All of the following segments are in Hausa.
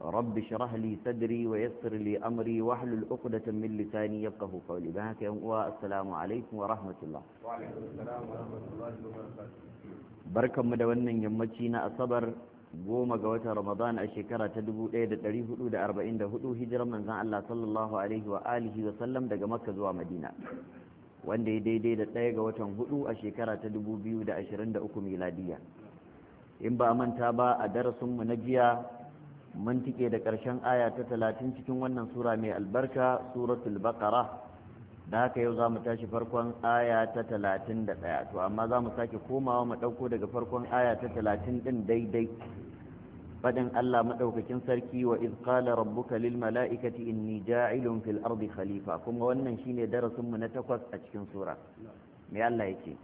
رب اشرح لي صدري ويسر لي امري واحلل عقدة من لساني يفقهوا قولي بهاك يوم السلام عليكم ورحمة الله بركة مدونا يمتشينا الصبر goma ga watan Ramadan a shekara ta 1444 hijira manzan Allah sallallahu alaihi wa alihi wa sallam daga Makka zuwa Madina wanda ya daidai da ɗaya ga watan hudu a shekara ta 2023 miladiya in ba manta ba a darasinmu na jiya mun da ƙarshen aya ta talatin cikin wannan sura mai albarka suratul baqara da haka yau za mu tashi farkon aya ta talatin da ɗaya to amma za mu sake komawa mu ɗauko daga farkon aya ta talatin ɗin daidai faɗin Allah maɗaukakin sarki wa iz qala rabbuka lil mala'ikati inni ja'ilun fil ardi khalifa kuma wannan shine darasin mu na takwas a cikin sura me Allah yake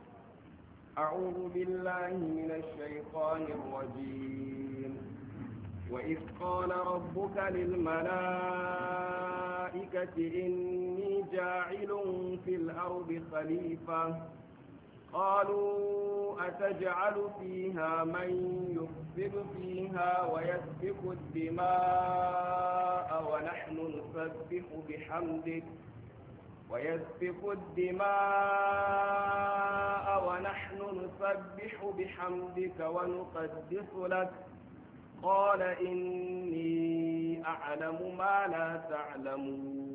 أعوذ بالله من الشيطان الرجيم وإذ قال ربك للملائكة إني جاعل في الأرض خليفة قالوا أتجعل فيها من يفسد فيها ويسفك الدماء ونحن نسبح بحمدك ويسفك الدماء ونحن نسبح بحمدك ونقدس لك قال إني أعلم ما لا تعلمون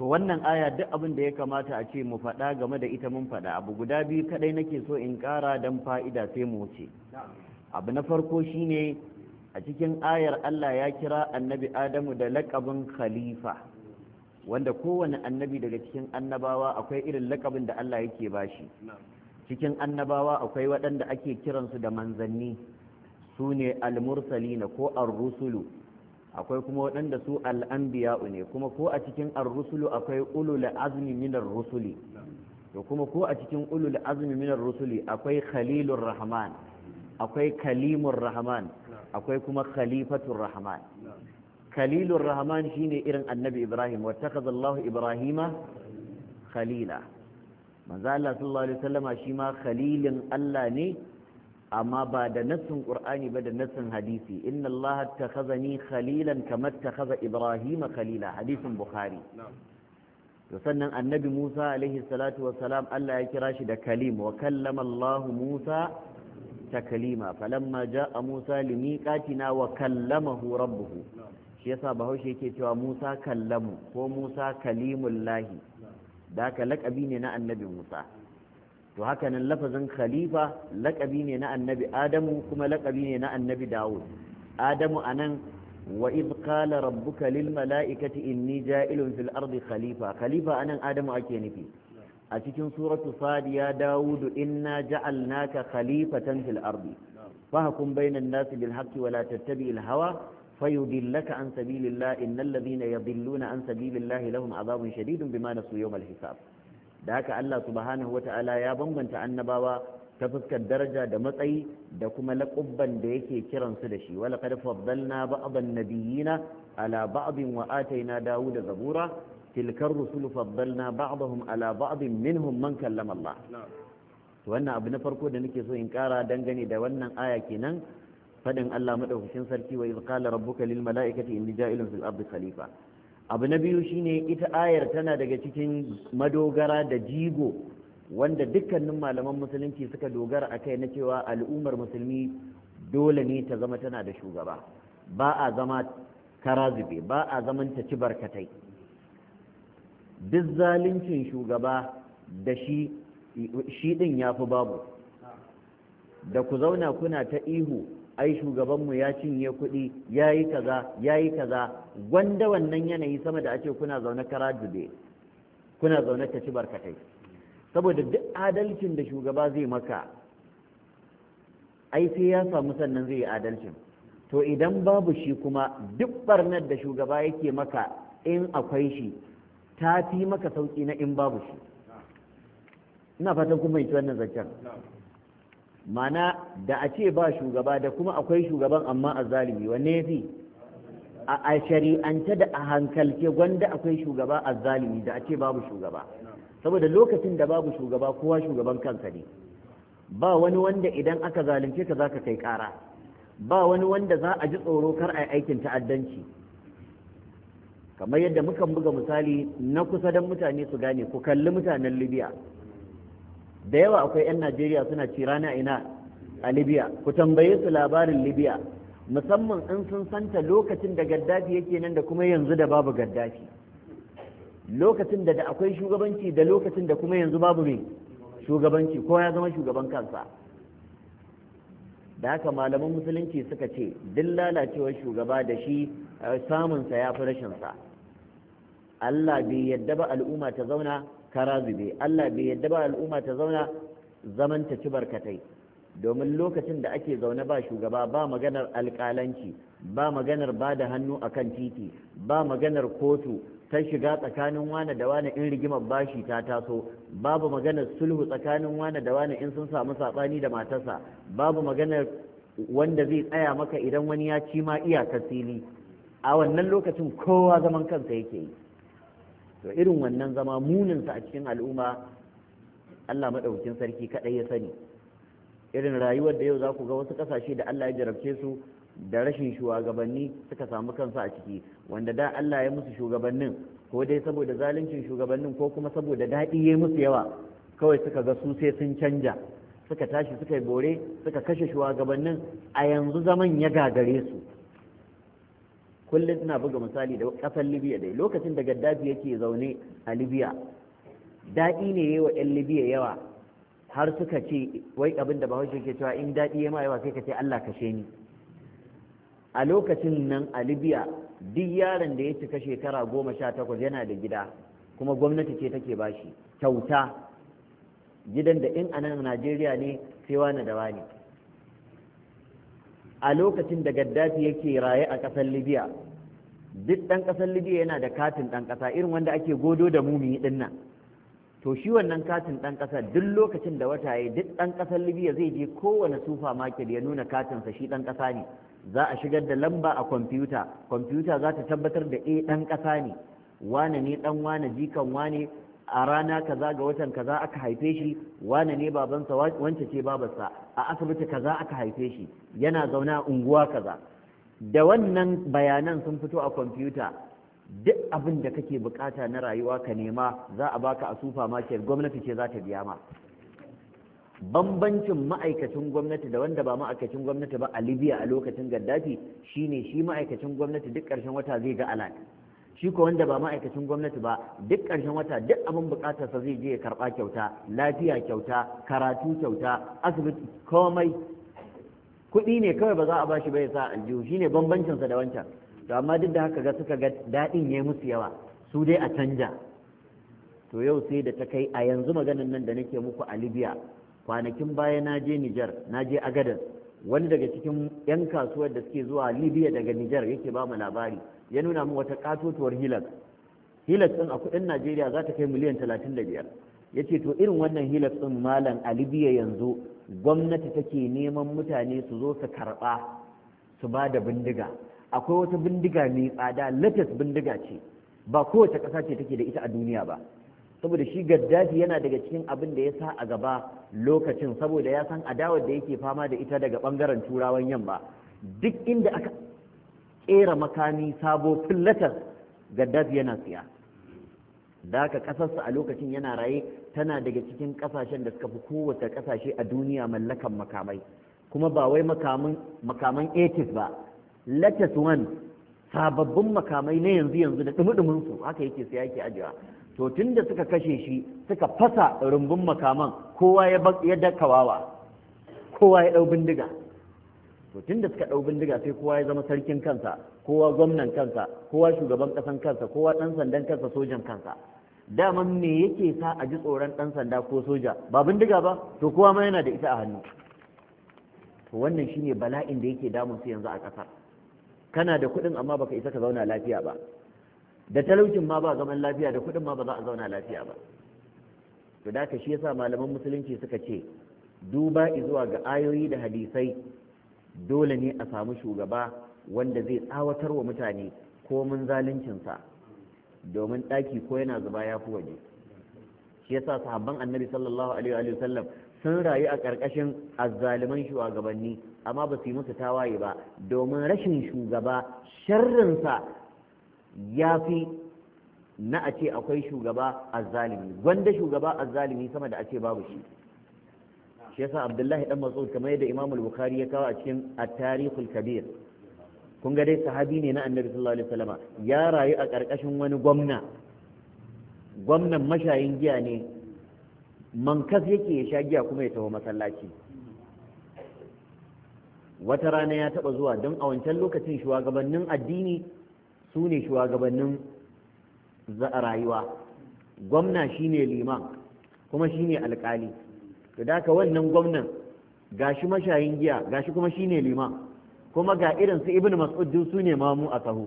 to wannan aya duk abin da ya kamata a ce mu faɗa game da ita mun faɗa abu guda biyu kadai nake so in kara don fa'ida sai mu wuce abu na farko shine a cikin ayar Allah ya kira annabi Adamu da laƙabin khalifa wanda kowane annabi daga cikin annabawa akwai irin laƙabin da Allah yake bashi cikin annabawa akwai waɗanda ake kiransu da manzanni su ne almursalina ko ar-rusulu akwai kuma waɗanda su al'anbiya'u ne kuma ko a cikin ar-rusulu akwai ulul azmi minar rusuli to kuma ko a cikin ulul azmi minar rusuli akwai khalilur rahman akwai kalimur rahman akwai kuma khalifatur rahman khalilur rahman shine irin annabi ibrahim wattakaza allah ibrahima khalila manzo allah sallallahu alaihi wasallama shi ma khalilin allah ne amma ba da nassin ƙur'ani ba da nassin hadisi inna Allah takhazani khalilan ta takhaza Ibrahim khalila hadisin Bukhari to sannan annabi Musa alaihi salatu wassalam Allah ya kira shi da kalim wa kallama Allah Musa taklima falamma jaa Musa limiqatina wa kallamahu rabbuhu shi yasa bahaushe yake cewa Musa kallamu ko Musa kalimullahi da ka lakabi ne na annabi Musa to haka nan lafazin khalifa laƙabi ne na annabi adamu kuma laƙabi ne na annabi dawud adamu a nan wa iz qala rabbuka lil mala'ikati inni ja'ilun fil ardi khalifa khalifa anan adamu ake nufi a cikin suratu fadiya dawudu inna ja'alnaka khalifatan fil ardi fahkum bainan nasi bil haqqi wa la tattabi'il hawa fayudillaka an sabilillah innal ladhina yadhilluna an sabilillahi lahum adhabun shadidun bima nasu yawmal hisab da haka Allah subhanahu wata'ala ya bambanta annabawa ta fuskar daraja da matsayi da kuma laƙubban da yake kiransu da shi wala qad faddalna ba'dan nabiyina ala ba'din wa ataina dawuda zabura tilkar rusulu faddalna ba'dahum ala ba'din minhum man kallama Allah wannan abu na farko da nake so in kara dangane da wannan aya kenan fadin Allah madaukakin sarki wa iz qala rabbuka lil mala'ikati inni ja'ilun fil ardi khalifa abu na biyu shine ita ayar tana daga cikin madogara da jigo wanda dukkanin malaman musulunci suka dogara a kai na cewa al'ummar musulmi dole ne ta zama tana da shugaba ba a zama karazube ba a zaman ta ci barkatai duk zaluncin shugaba da shi shi din fi babu da ku zauna kuna ta ihu ai shugabanmu ya cinye kuɗi ya yi kaza ya yi kaza gwanda wannan yanayi sama da ake kuna zaune kara dube kuna zaune ka ci saboda duk adalcin da shugaba zai maka ai sai ya samu sannan zai yi adalcin to idan babu shi kuma duk barnar da shugaba yake maka in akwai shi ta fi maka sauki na in babu shi ina fatan kuma yi wannan zancen mana da a ce ba shugaba da kuma akwai shugaban amma a zalimi wanne fi a shari'anta da a hankalce gwanda akwai shugaba a zalimi da a ce babu shugaba saboda lokacin da babu shugaba kowa shugaban kansa ne ba wani wanda idan aka zalunce ka zaka kai kara ba wani wanda za a ji tsoro kar a yi aikin ta'addanci kamar yadda mukan buga misali na kusa don mutane su gane ku kalli mutanen libya da yawa akwai 'yan najeriya suna ci rana ina a libya ku tambaye su labarin libya musamman in sun santa lokacin da gaddafi yake nan da kuma yanzu da babu gaddafi lokacin da da akwai shugabanci da lokacin da kuma yanzu babu mai shugabanci ko ya zama shugaban kansa da haka malaman musulunci suka ce duk lalacewar shugaba da shi eh, samunsa ya fi rashinsa Allah bai yadda ba al'umma ta zauna kara zube Allah bai yadda ba al'umma ta zauna zaman ta ci barkatai domin lokacin da ake zaune ba shugaba ba maganar alƙalanci ba maganar ba da hannu a kan titi ba maganar kotu ta shiga tsakanin wane da wane in rigimar bashi ta taso babu maganar sulhu tsakanin wane da wane in sun samu saɓani da matarsa babu maganar wanda zai tsaya maka idan wani ya ci ma iyakar sili, a wannan lokacin kowa zaman kansa yake yi to irin wannan zama muninsa a cikin al'umma Allah maɗaukin sarki kaɗai ya sani irin rayuwar da yau za ku ga wasu ƙasashe da Allah ya jarabce su da rashin shugabanni suka samu kansu a ciki wanda da Allah ya musu shugabannin ko dai saboda zaluncin shugabannin ko kuma saboda daɗi ya musu yawa kawai suka ga su sai sun canja suka tashi suka yi bore suka kashe shugabannin a yanzu zaman ya gagare su kullum ina buga misali da kasar libya dai lokacin da gaddafi yake zaune a libya daɗi ne wa 'yan libya yawa har suka ce wai abin da bahaushe ke cewa in daɗi ya ma yawa sai ka ce allah kashe ni a lokacin nan a libya duk yaron da ya cika shekara goma sha takwas yana da gida kuma gwamnati ce take bashi kyauta gidan da in anan najeriya ne sai wani da wani a lokacin da gaddafi yake raye a ƙasar libya duk ɗan ƙasar libya yana da katin ɗan ƙasa irin wanda ake godo da mumi ɗin nan to shi wannan katin ɗan ƙasa duk lokacin da wata ya duk ɗan ƙasar libya zai je kowane sufa market ya nuna katinsa shi ɗan ƙasa ne za a shigar da lamba a kwamfuta kwamfuta za ta tabbatar da e ɗan ƙasa ne wane ne ɗan wane jikan wane a rana kaza ga watan kaza aka haife shi wane ne babansa wance ce babarsa a asibiti kaza aka haife shi yana zauna unguwa kaza da wannan bayanan sun fito a kwamfuta duk abin da kake bukata na rayuwa ka nema za a baka a sufa market gwamnati ce za ta biya ma bambancin ma'aikacin gwamnati da wanda ba ma'aikacin gwamnati ba a libya a lokacin gaddafi shine shi ma'aikacin gwamnati duk ƙarshen wata zai ga alat shi ko wanda ba ma'aikacin gwamnati ba duk ƙarshen wata duk abin buƙatarsa zai je ya karɓa kyauta lafiya kyauta karatu kyauta asibiti komai kuɗi ne kawai ba za a bashi ba ya sa aljihu shine bambancinsa da wancan to amma duk da haka ga suka ga daɗin ya musu yawa su dai a canja to yau sai da ta kai a yanzu maganin nan da nake muku a libya kwanakin baya na je nijar na je agadas wani daga cikin 'yan kasuwar da suke zuwa libya daga nijar yake ba mu labari ya nuna min wata katotuwar hilas hilas din a kuɗin najeriya za ta kai miliyan talatin da biyar ya ce to irin wannan hilas din malam a libya yanzu gwamnati take neman mutane su zo su karɓa su ba da bindiga akwai wata bindiga mai tsada latas bindiga ce ba kowace ƙasa ce take da ita a duniya ba saboda shi gaddafi yana daga cikin abin da ya sa a gaba lokacin saboda ya san adawar da yake fama da ita daga ɓangaren turawan yamma duk inda aka ƙera makami sabo ga daf yana siya da aka ƙasarsa a lokacin yana raye tana daga cikin ƙasashen da suka fi kowace ƙasashe a duniya mallakan makamai kuma ba wai makaman 80 ba latest one sababbin makamai na yanzu yanzu da dumi su haka yake sai yake ajiya to tun da suka kashe shi suka fasa rumbun makaman kowa ya kawawa kowa ya ɗau bindiga to da suka ɗau bindiga sai kowa ya zama sarkin kansa kowa gwamnan kansa kowa shugaban ƙasan kansa kowa ɗan sandan kansa sojan kansa daman me yake sa a ji tsoron ɗan sanda ko soja ba bindiga ba to kowa ma yana da ita a hannu to wannan shine bala'in da yake damun su yanzu a ƙasar kana da kuɗin amma baka isa ka zauna lafiya ba da talaucin ma ba zaman lafiya da kuɗin ma ba za a zauna lafiya ba to da ka shi yasa malaman musulunci suka ce duba izuwa ga ayoyi da hadisai dole ne a samu shugaba wanda zai tsawatar wa mutane komin zaluncinsa domin ɗaki ko yana zuba ya fi waje shi yasa sahabban annabi sallallahu alaihi wa sallam sun rayu a ƙarƙashin azzaliman shugabanni amma ba su yi musu tawaye ba domin rashin shugaba sharrinsa ya fi na a ce akwai shugaba azzalimi gwanda shugaba azzalimi sama da a ce babu shi shi yasa abdullahi dan mas'ud kamar yadda imam al-bukhari ya kawo a cikin at-tarikhul kabir kun ga dai sahabi ne na annabi sallallahu alaihi wasallama ya rayu a karkashin wani gwamna gwamnan mashayin giya ne mankas yake ya sha giya kuma ya taho masallaci wata rana ya taba zuwa don a wancan lokacin shugabannin addini su ne shugabannin rayuwa gwamna shine liman kuma shine alkali Ka da wannan gwamnan gashi mashayin giya gashi kuma shine liman kuma ga irin su ibnu mas'ud duk su ne mamu a sahu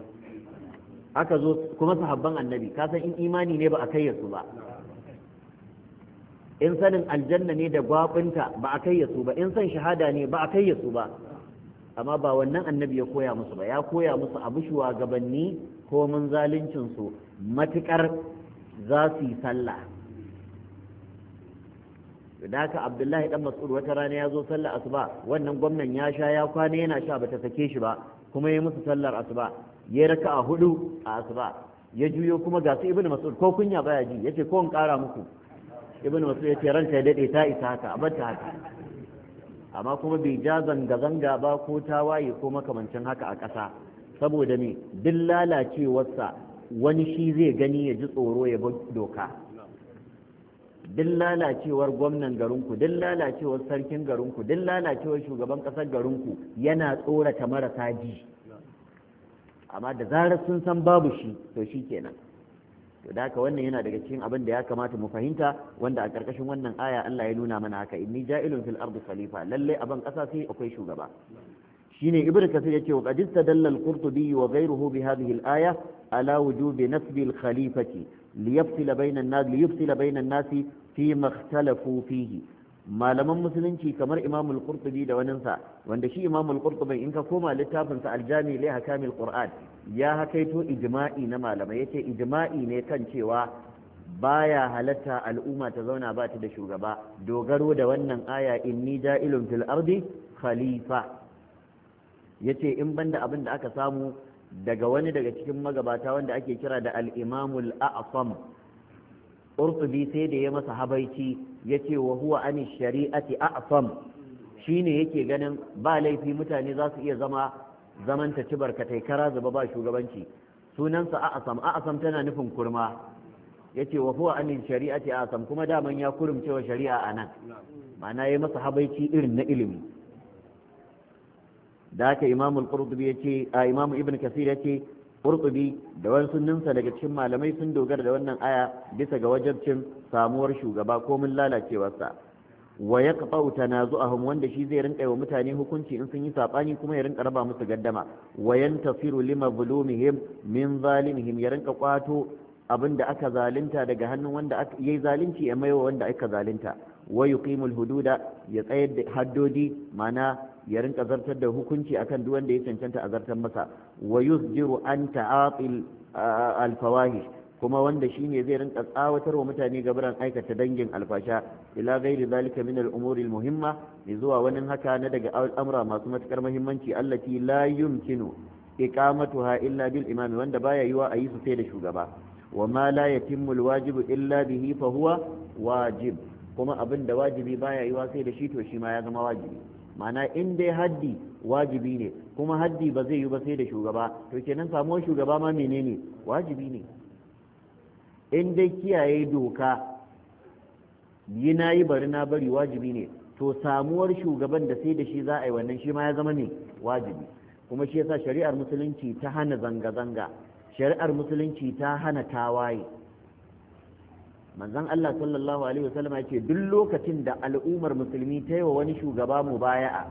aka zo kuma sahabban annabi ka san in imani ne ba a kai su ba in sanin aljanna ne da gwabinta ba a kai su ba in san shahada ne ba a kai su ba amma ba wannan annabi ya koya musu ba ya koya musu abu shuwa gabanni ko mun zalincin su matukar za su yi sallah da haka abdullahi dan mas'ud wata rana ya zo sallar asuba wannan gwamnan ya sha ya kwana yana sha bata sake shi ba kuma ya musu sallar asuba ya raka a hudu a asuba ya juyo kuma ga su ibnu mas'ud ko kunya baya ji yace ko in kara muku ibnu mas'ud yace ranka ya dade ta isa haka a barta haka amma kuma bai ja zanga zanga ba ko ta waye ko makamancin haka a ƙasa saboda me duk lalacewarsa wani shi zai gani ya ji tsoro ya bi doka duk lalacewar gwamnan garinku duk lalacewar sarkin garinku duk lalacewar shugaban ƙasar garinku yana tsorata marasa ji amma da zarar sun san babu shi to shi kenan to da haka wannan yana daga cikin abin da ya kamata mu fahimta wanda a ƙarƙashin wannan aya Allah ya nuna mana haka inni ja'ilun fil ardi khalifa lalle a ban ƙasa sai akwai shugaba shine ibnu kasir yake wa qad istadalla al-qurtubi wa ghayruhu bi hadhihi al-aya ala wujubi nasbi al-khalifati liyaftila bainan nas bainan nas fi makhtalafu fihi malaman musulunci kamar Imam al-Qurtubi da waninsa wanda shi Imam al-Qurtubi in ka koma littafin sa al-Jami li Hakamil Qur'an ya hakaito ijma'i na malamai yace ijma'i ne kan cewa baya halatta al'umma ta zauna ba ta da shugaba dogaro da wannan aya inni da'ilun fil ardi khalifa yace in banda abin da aka samu daga wani daga cikin magabata wanda ake kira da al'imamul imamul a'sam sai da ya masa habaici yace wa huwa ani shari'ati a'sam shine yake ganin ba laifi mutane za su iya zama zaman ta ci barkatai kara zuba ba shugabanci sunansa a'asam a'asam tana nufin kurma yace wa huwa ani shari'ati a'asam kuma daman ya wa shari'a anan ma'ana yayi masa habaici irin na ilimi da haka imamu al-qurtubi yace a imamu ibnu kasir yace qurtubi da wasu ninsa daga cikin malamai sun dogara da wannan aya bisa ga wajabcin samuwar shugaba ko mun lalacewarsa wa yaqta'u tanazu'ahum wanda shi zai rinka wa mutane hukunci in sun yi sabani kuma ya rinka raba musu gaddama wa yantasiru lima zulumihim min zalimihim ya rinka kwato abinda aka zalunta daga hannun wanda yayi zalunci ya maiwa wanda aka zalunta wa yuqimul hududa ya tsayar da haddodi mana ya rinka zartar da hukunci akan duk wanda ya cancanta a zartar masa wa yusjiru an ta'atil alfawahish kuma wanda shine zai rinka wa mutane gabaran aikata dangin alfasha ila ghairi zalika min al-umuri al-muhimma zuwa wani haka na daga al'amura masu matukar muhimmanci allati la yumkinu iqamatuha illa bil imam wanda baya yiwa a yi su sai da shugaba wa ma la yatimmu al-wajibu illa bihi fa huwa wajib kuma abin da wajibi baya yiwa sai da shi to shi ma ya zama wajibi mana in dai haddi wajibi ne kuma haddi ba zai yi ba sai da shugaba to kenan samuwar shugaba ma menene wajibi ne in dai kiyaye doka yi na yi bari na bari wajibi ne to samuwar shugaban da sai da shi za a yi wannan shi ma ya zama ne wajibi kuma shi yasa shari'ar musulunci ta hana zanga-zanga shari'ar musulunci ta hana tawaye manzon Allah sallallahu alaihi wasallam yake duk lokacin da al'ummar musulmi ta yi wa wani shugaba mubaya'a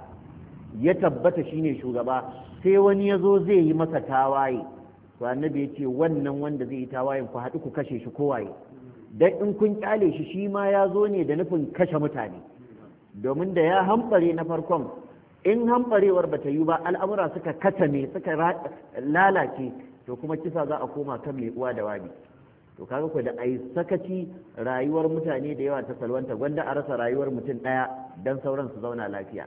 ya tabbata shine shugaba sai wani ya zo zai yi masa tawaye to annabi ya ce wannan wanda zai yi tawayen ku haɗu ku kashe shi kowaye dan in kun kyale shi shi ma ya zo ne da nufin kashe mutane domin da ya hambare na farkon in hambarewar bata yi ba al'amura suka katame suka lalace to kuma kisa za a koma kan mai uwa da wabi to kaga ku da ai sakaci rayuwar mutane da yawa ta salwanta gwanda a rasa rayuwar mutum ɗaya dan sauran su zauna lafiya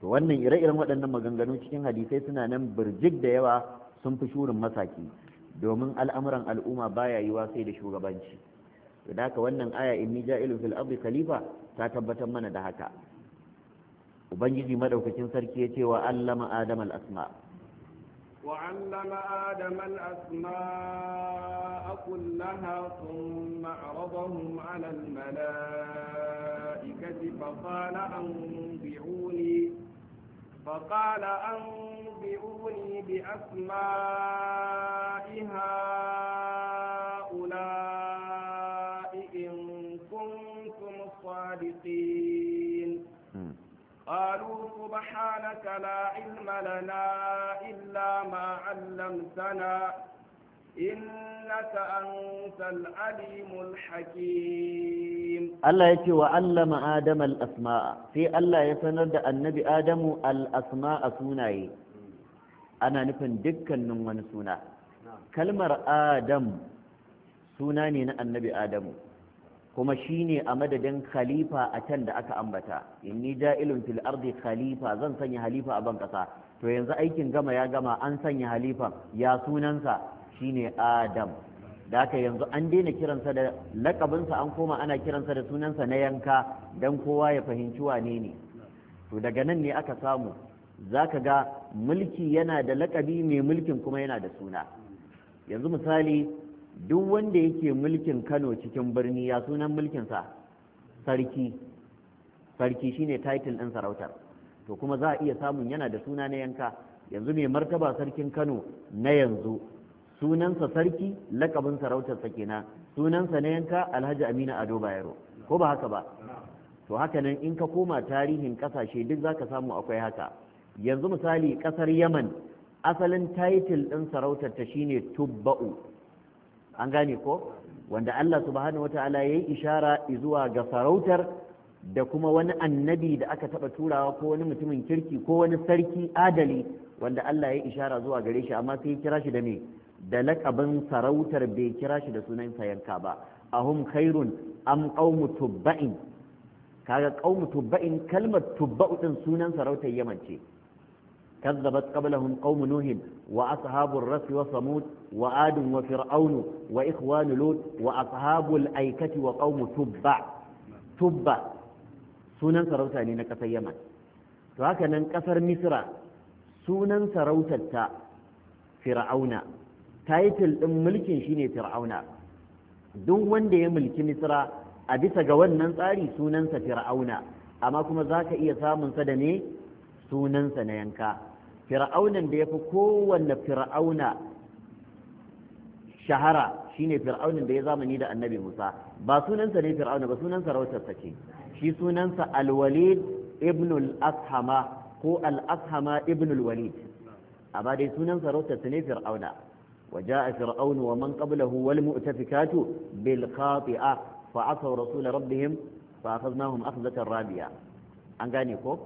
to wannan ire-iren waɗannan maganganu cikin hadisai suna nan birjik da yawa sun fi shurin masaki domin al'amuran al'umma baya yiwa sai da shugabanci to da haka wannan aya inni ja'ilun fil ardi khalifa ta tabbatar mana da haka ubangiji madaukakin sarki ya ce wa allama adamal al asma' وعلم آدم الأسماء كلها ثم عرضهم على الملائكة فقال أنبئوني فقال أنبئوني بأسماء هؤلاء إن كنتم صادقين قالوا سبحانك لا علم لنا إلا ما علمتنا إنك أنت العليم الحكيم الله يتي وعلم آدم الأسماء في الله يسند النبي آدم الأسماء سوناي أنا نفن دكا من سونا كلمة آدم سوناني النبي آدم kuma shine a madadin khalifa a can da aka ambata inni ja'ilun fil ardi khalifa zan sanya halifa a ban kasa to yanzu aikin gama ya gama an sanya halifa ya sunansa shine adam da haka yanzu an daina kiransa da lakabinsa an koma ana kiransa da sunansa na yanka don kowa ya fahimci wane ne to daga nan ne aka samu za ka ga mulki yana da lakabi mai mulkin kuma yana da suna yanzu misali duk wanda yake mulkin kano cikin birni ya sunan mulkinsa sarki sarki shine title ɗin sarautar to kuma za a iya samun yana da suna na yanka yanzu mai martaba sarkin kano na yanzu sunansa sarki lakabin sarautarsa kenan sunansa na yanka alhaji aminu ado bayero ko ba haka ba to haka nan in ka koma tarihin ƙasashe duk za ka samu akwai haka yanzu misali ƙasar yaman asalin title ɗin sarautar ta shine tubba'u an gane ko wanda Allah subhanahu wataala yayi ishara zuwa ga farautar da kuma wani annabi da aka taba turawa ko wani mutumin kirki ko wani sarki adali wanda Allah ya ishara zuwa gare shi amma sai ya kira shi da me da lakabin sarautar bai kira shi da sunan sayanka ba ahum khairun am qaumu tubba'in kaga qaumu tubba'in kalmar tubba'u din sunan sarautar yamance ce كذبت قبلهم قوم نوح وأصحاب الرس وصمود وآد وفرعون وإخوان لوط وأصحاب الأيكة وقوم تبع تبع سنن سروتا ne na kasar Yaman to haka nan kasar Misra sunan sarautar ta Fir'auna titul din mulkin shine Fir'auna duk wanda ya mulki nisra a bisa ga wannan tsari sunansa Fir'auna amma kuma zaka iya samunsa sa da ne sunansa na yanka fir'aunan da ya fi kowanne fir'auna shahara shine fir'aunin da ya zamani da annabi musa ba sunansa ne fir'auna ba sunansa rautarsa ce shi sunansa alwalid ibn al-ashama ko al-ashama ibn al-walid amma dai sunansa rautarsa ne fir'auna وجاء فرعون ومن قبله والمؤتفكات بالخاطئة فعصوا رسول ربهم فأخذناهم أخذة رابية أنقاني كوب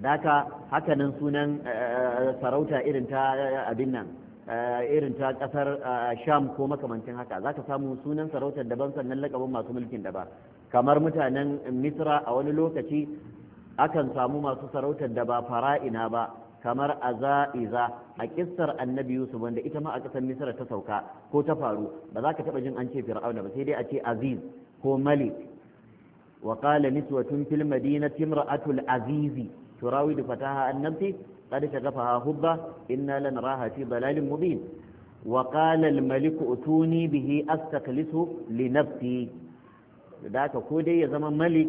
daka hakanan sunan eh, eh, sarauta irin ta eh, abin nan irin ta kasar sham ko makamancin haka za ka samu sunan sarautar daban sannan lakabin masu mulkin daban kamar mutanen misra a wani lokaci akan samu masu sarautar da ba fara'ina ba kamar aza'iza a kissar annabi yusuf wanda ita ma a kasar misra ta sauka ko ta faru ba za ka taɓa jin an ce fir'auna ba sai dai a ce aziz ko malik wa qala niswatun fil madinati imra'atul azizi تراود فتاها عن نفسه قد شغفها هبة إنا لنراها في ضلال مبين وقال الملك أتوني به أستقلسه لنفسي ذاك كودي يزم ملك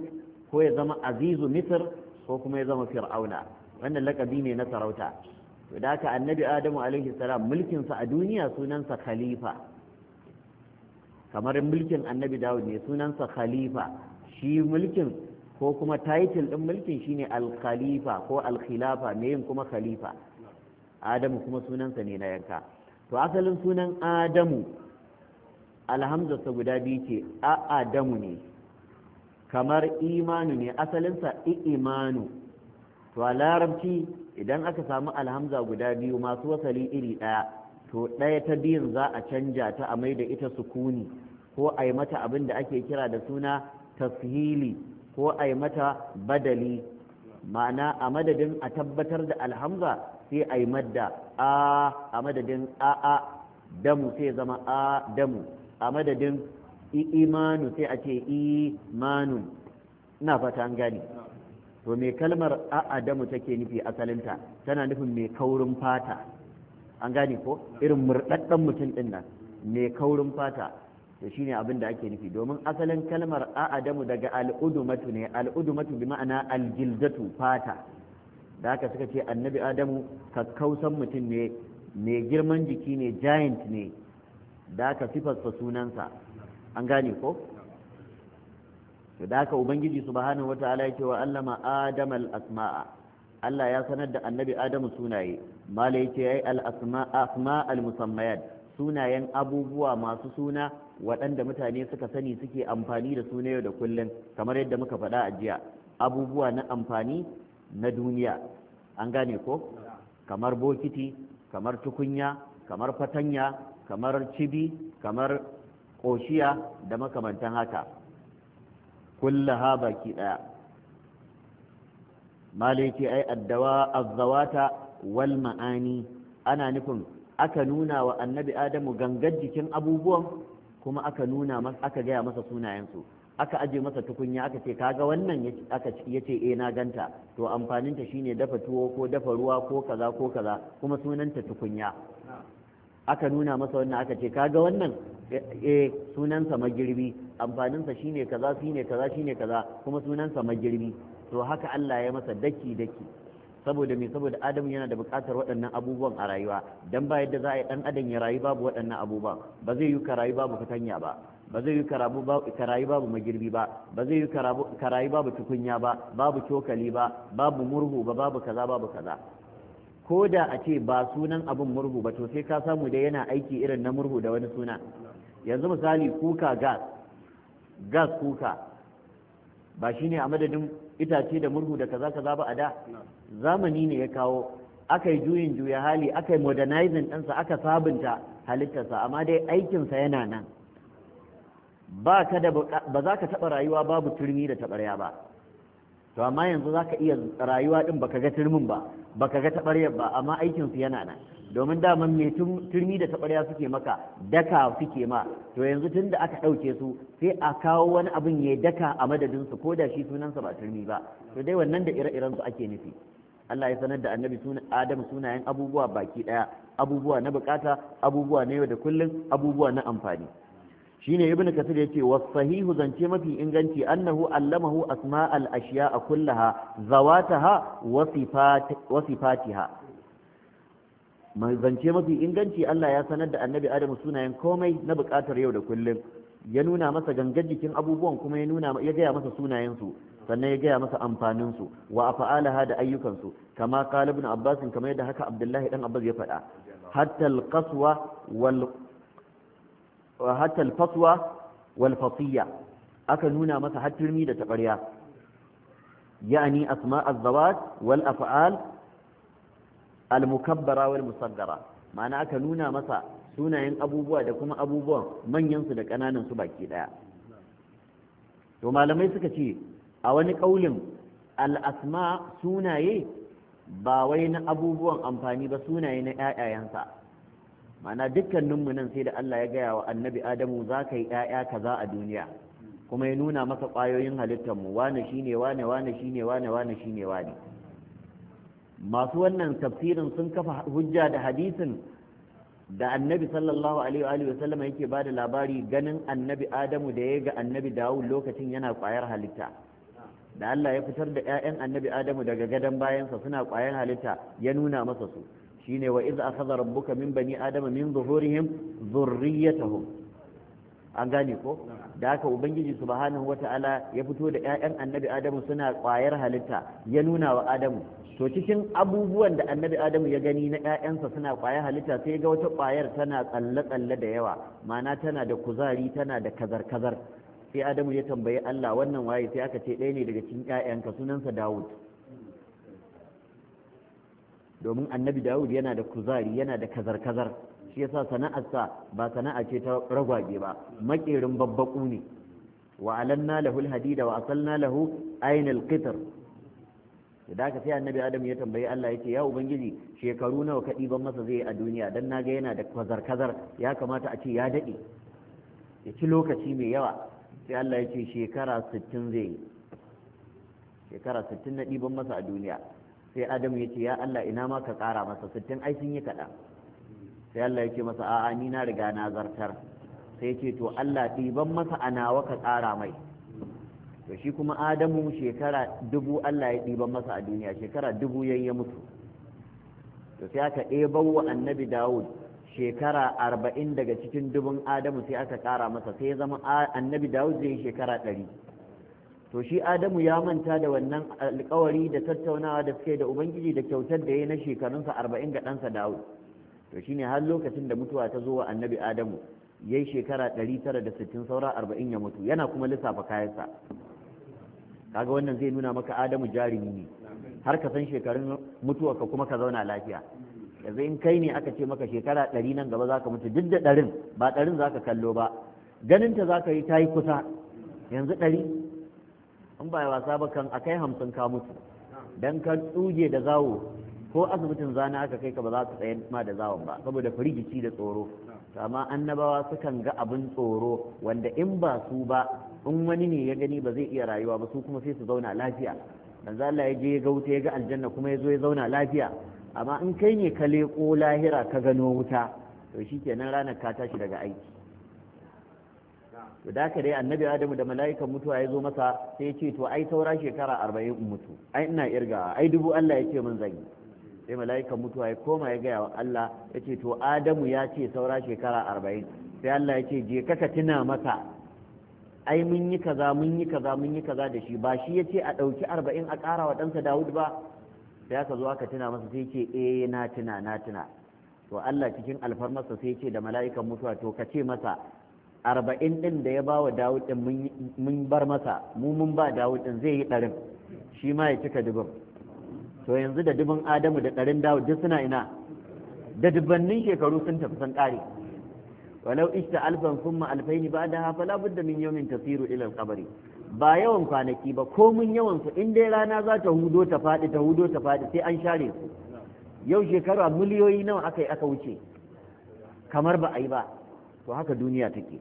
هو يزم عزيز مصر هو كما يزم فرعون وأن لك ديني نسروتا ذاك النبي آدم عليه السلام ملك سأدونيا سننسى خليفة kamar mulkin annabi dawud ne sunansa khalifa shi mulkin ko kuma titul ɗin mulkin shine al-khalifa ko al-khilafa me yin kuma khalifa adamu kuma sunansa ne na yanka to asalin sunan adamu alhamdulsa guda biyu ce a adamu ne kamar imanu ne asalinsa i imanu to a larabci idan aka samu alhamza guda biyu masu wasali iri ɗaya to ɗaya ta biyun za a canja ta a mai da ita sukuni ko a yi mata abin da ake kira da suna tashili ko a yi mata badali ma'ana a madadin a tabbatar da alhamza sai a yi madda a a madadin a a damu sai zama a damu a madadin imanu sai a ce imanu ina fata an gane to mai kalmar a damu take nufi asalinta tana nufin mai kaurin fata an gane ko irin murɗaɗɗen mutum ɗin nan mai kaurin fata to shine abin da ake nufi domin asalin kalmar a'adamu daga al'udumatu ne al'udumatu bi ma'ana aljildatu fata da haka suka ce annabi adamu kakkausan mutum ne mai girman jiki ne giant ne da haka sifarsa sunansa an gane ko da haka ubangiji subhanahu wataala ya ce wa allama adama al-asma'a Allah ya sanar da annabi adamu sunaye mala yake yayi al-asma asma asma'al musammayat sunayen abubuwa masu suna waɗanda mutane suka sani suke amfani da su yau da kullum kamar yadda muka faɗa a jiya abubuwa na amfani na duniya an gane ko kamar bokiti kamar tukunya kamar fatanya kamar cibi kamar ƙoshiya da makamantan haka kulla ha baki ɗaya Maliki ai addawa azzawata wal ma'ani ana nufin aka nuna wa annabi adamu gangar jikin abubuwan kuma aka nuna aka gaya masa sunayensu aka aje masa tukunya aka ce kaga wannan aka ya ce eh na ganta to amfaninta shine dafa tuwo ko dafa ruwa ko kaza ko kaza kuma sunanta tukunya aka nuna masa wannan aka ce kaga wannan eh sunansa magirbi amfaninsa shine kaza shine kaza shine kaza kuma sunansa magirbi to haka Allah ya masa daki daki saboda me saboda adamu yana da buƙatar waɗannan abubuwan a rayuwa dan ba yadda za a yi ɗan adam ya rayu babu waɗannan abubuwan ba zai yi ka babu fatanya ba ba zai yi ka rayu babu magirbi ba ba zai yi ka babu tukunya ba babu cokali ba babu murhu ba babu kaza babu kaza ko da a ce ba sunan abin murhu ba to sai ka samu da yana aiki irin na murhu da wani suna yanzu misali kuka gas gas kuka ba shine a madadin itace da murhu da kaza kaza ba a da zamani ne ya kawo aka yi juyin juya hali aka yi modernizing ɗinsa aka sabunta halittarsa amma dai aikinsa yana nan ba ka da ba za ka taɓa rayuwa babu turmi da taɓarya ba to amma yanzu za ka iya rayuwa ɗin baka ga turmin ba baka ga taɓaryar ba amma aikinsu yana nan domin daman mai turmi da taɓarya suke maka daka suke ma to yanzu tun da aka ɗauke su sai a kawo wani abin ya daka a madadinsu ko da shi sunansa ba turmi ba to dai wannan da ire-iren su ake nufi Allah ya sanar da annabi Adam sunayen abubuwa baki ɗaya abubuwa na bukata abubuwa na yau da kullum abubuwa na amfani shine ibnu kasir yace sahihu zance mafi inganci annahu allamahu asma'al ashiya'a kullaha zawataha wa sifatiha zance mafi inganci Allah ya sanar da annabi Adamu sunayen komai na buƙatar yau da kullum ya nuna masa gangajikin jikin abubuwan kuma ya nuna ya gaya masa sunayensu sannan ya gaya masa amfaninsu wa afa'alaha da ayyukansu kama qala ibn Abbas kamar yadda haka Abdullahi dan Abbas ya faɗa hatta al-qaswa wal hatta al-faswa wal aka nuna masa hattirmi da taƙarya yani asma zawat wal af'al al-mukabbara wal musaggara ma'ana aka nuna masa sunayen abubuwa da kuma abubuwan manyan su da kananan su baki daya to malamai suka ce a wani kaulin al'asma sunaye ba wai na abubuwan amfani ba sunaye na ƴaƴayensa ma'ana dukkaninmu nan sai da Allah ya gaya wa annabi Adamu za ka yi ƴaƴa kaza a duniya kuma ya nuna masa ƙwayoyin halittar mu wane shine wane wane shine wane wane shine wane masu wannan tafsirin sun kafa hujja da hadisin da annabi sallallahu alaihi wa sallama yake ba da labari ganin annabi adamu da ya ga annabi dawud lokacin yana kwayar halitta da Allah ya fitar da 'ya'yan annabi adamu daga gadon bayansa suna kwayan halitta ya nuna masa su shine wa iza akhadha rabbuka min bani adama min zuhurihim dhurriyyatahum an gane ko da haka ubangiji subhanahu wataala ya fito da 'ya'yan annabi adamu suna kwayar halitta ya nuna wa adamu to cikin abubuwan da annabi adamu ya gani na 'ya'yansa suna ƙwayar halitta sai ga wata ƙwayar tana tsalle-tsalle da yawa ma'ana tana da kuzari tana da kazar-kazar sai adamu ya tambayi allah wannan waye sai aka ce ɗaya ne daga cikin 'ya'yanka sunansa dawud domin annabi dawud yana da kuzari yana da kazar-kazar shi yasa sana'arsa ba sana'a ce ta ragwage ba maƙerin babbaƙu ne wa alanna lahul hadida wa asalna lahu ainul qitr da aka sai annabi adam ya tambayi Allah ya ce ya ubangiji shekaru nawa ka ɗiban masa zai a duniya dan naga yana da kazar kazar ya kamata a ce ya daɗe ya ci lokaci mai yawa sai Allah ya ce shekara 60 zai shekara 60 na ɗiban masa a duniya sai adam ya ce ya Allah ina ma ka ƙara masa 60 ai sun yi kaɗan sai Allah ya ce masa a'a ni na riga na zartar sai ya ce to Allah ɗiban masa a nawa ka ƙara mai to shi kuma adamu shekara dubu Allah ya ɗiban masa a duniya shekara dubu yayi ya mutu to sai aka ɗeba wa annabi dawud shekara arba'in daga cikin dubun adamu sai aka kara masa sai ya zama annabi dawud zai yi shekara ɗari to shi adamu ya manta da wannan alkawari da tattaunawa da suke da ubangiji da kyautar da ya na shekarunsa arba'in ga ɗansa dawud to shine har lokacin da mutuwa ta zo wa annabi adamu ya yi shekara ɗari tara da sittin saura arba'in ya mutu yana kuma lissafa kayansa kaga wannan zai nuna maka adamu jarumi ne har ka san shekarun mutuwa ka kuma ka zauna lafiya yanzu in kai ne aka ce maka shekara ɗari nan gaba zaka mutu duk da ɗarin ba ɗarin zaka kallo ba ganin ta zaka yi ta yi kusa yanzu ɗari in ba wasa ba kan a kai hamsin ka mutu dan ka tsuge da zawo ko asibitin zana aka kai ka ba za ka tsaye ma da zawon ba saboda firgici da tsoro amma annabawa sukan ga abin tsoro wanda in ba su ba in wani ne ya gani ba zai iya rayuwa ba su kuma sai su zauna lafiya manzo Allah ya je ya ga wuta ya ga aljanna kuma ya zo ya zauna lafiya amma in kai ne ka leƙo lahira ka gano wuta to shikenan ranar ka tashi daga aiki to da dai annabi adamu da mala'ikan mutuwa ya zo masa sai ya ce to ai saura shekara arba'in in mutu ai ina irga ai dubu Allah ya ce min zan yi sai mala'ikan mutuwa ya koma ya gaya wa Allah ya ce to adamu ya ce saura shekara arba'in sai Allah ya ce je kaka tuna masa ai mun yi kaza mun yi kaza mun yi kaza da shi ba shi ya ce a ɗauki arba'in a ƙara wa ɗansa dawud ba sai aka zo aka tuna masa sai ce eh na tuna na tuna to Allah cikin alfarmarsa sai ce da mala'ikan mutuwa to ka ce masa arba'in ɗin da ya ba wa dawud ɗin mun bar masa mu mun ba dawud ɗin zai yi ɗarin shi ma ya cika dubin to yanzu da dubin adamu da ɗarin dawud duk suna ina da dubbannin shekaru sun tafi sun ƙare walau ishta alfan summa alfaini ba'daha fala da min yawmin tasiru ila al-qabri ba yawan kwanaki ba ko komun yawan su in dai rana za ta hudo ta faɗi ta hudu ta faɗi sai an share su yau shekara miliyoyi nawa aka yi aka wuce kamar ba a yi ba to haka duniya take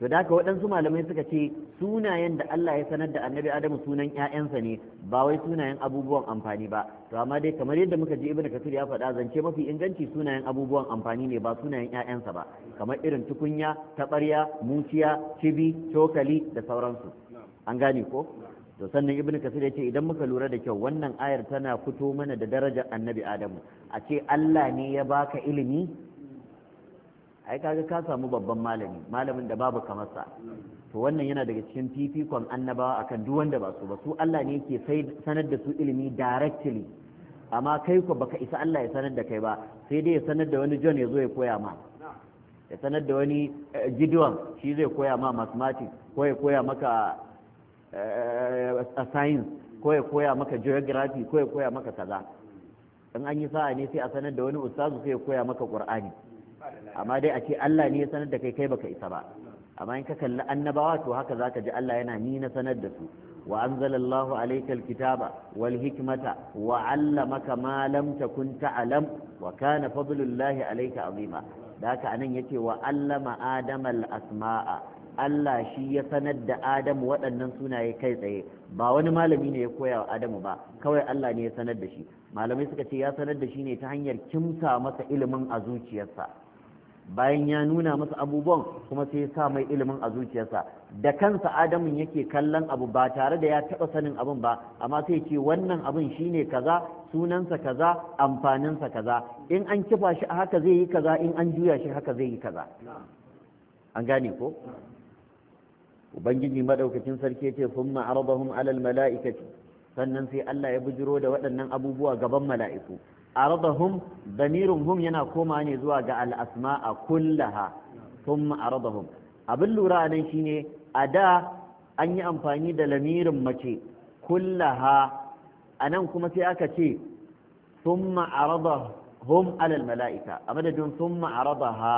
to da haka waɗansu malamai suka ce sunayen da Allah ya sanar da annabi Adamu sunan 'ya'yansa ne ba wai sunayen abubuwan amfani ba to amma dai kamar yadda muka ji Ibn kasir ya faɗa zance mafi inganci sunayen abubuwan amfani ne ba sunayen 'ya'yansa ba kamar irin tukunya taɓarya muciya cibi cokali da sauransu an gane ko to sannan ibn kasir ya ce idan muka lura da kyau wannan ayar tana fito mana da darajar annabi adamu a ce Allah ne ya baka ilimi ai kaga ka samu babban malami malamin da babu kamar sa to wannan yana daga cikin fifikon annabawa akan duk wanda ba su ba su Allah ne yake sanar da su ilimi directly amma kai ko baka isa Allah ya sanar da kai ba sai dai ya sanar da wani John ya zo ya koya ma ya sanar da wani eh, Gideon shi zai koya ma mathematics ko ya koya maka eh, eh, science ko ya koya maka geography ko ya koya maka kaza in an yi sa'a ne sai a sanar da wani ustazu sai ya koya maka qur'ani amma dai a ce Allah ne ya sanar da kai kai baka isa ba amma in ka kalli annabawa to haka zaka ji Allah yana ni na sanar da su wa anzalallahu alayka alkitaba wal hikmata wa 'allamaka ma lam takun ta'lam wa kana fadlullahi alayka azima da haka anan yace wa 'allama adama asma'a Allah shi ya sanar da Adamu waɗannan sunaye kai tsaye ba wani malami ne ya koya wa Adamu ba kawai Allah ne ya sanar da shi malamai suka ce ya sanar da shi ne ta hanyar kimsa masa ilimin a zuciyarsa bayan ya nuna masa abubuwan kuma sai ya sa mai ilimin a zuciyarsa da kansa adamun yake kallon abu ba tare da ya taba sanin abin ba amma sai ce wannan abin shine kaza sunansa kaza amfaninsa kaza in an kifa shi haka zai yi kaza in an juya shi haka zai yi kaza an gane ko ubangiji madaukakin sarki yace ce thumma alal mala'ikati sannan sai Allah ya bujiro da waɗannan abubuwa gaban mala'iku aradahum damirun hum yana koma ne zuwa ga a kullaha thumma aradahum abin lura nan shine a da an yi amfani da lamirin mace kullaha a nan kuma sai aka ce thumma aradahum alal mala'ika a madadin thumma aradaha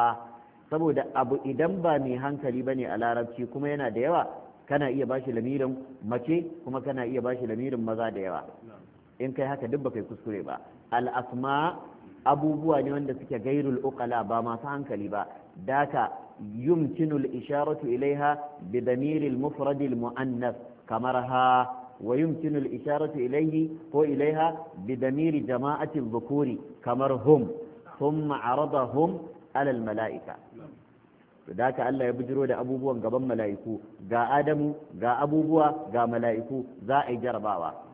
saboda abu idan ba mai hankali bane a larabci kuma yana da yawa kana iya bashi lamirin mace kuma kana iya bashi lamirin maza da yawa in kai haka duk ba kai kuskure ba al'asma abubuwa ne wanda suke gairul uqala ba masu hankali ba daka yumkinul isharatu ilaiha bi damiril mufradil muannas kamar ha wa yumkinul isharatu ilaihi ko ilaiha bi damiri jama'atil dhukuri kamar hum thumma aradahum ala al mala'ika da Allah ya bujiro da abubuwan gaban mala'iku ga Adamu ga abubuwa ga mala'iku za a yi jarabawa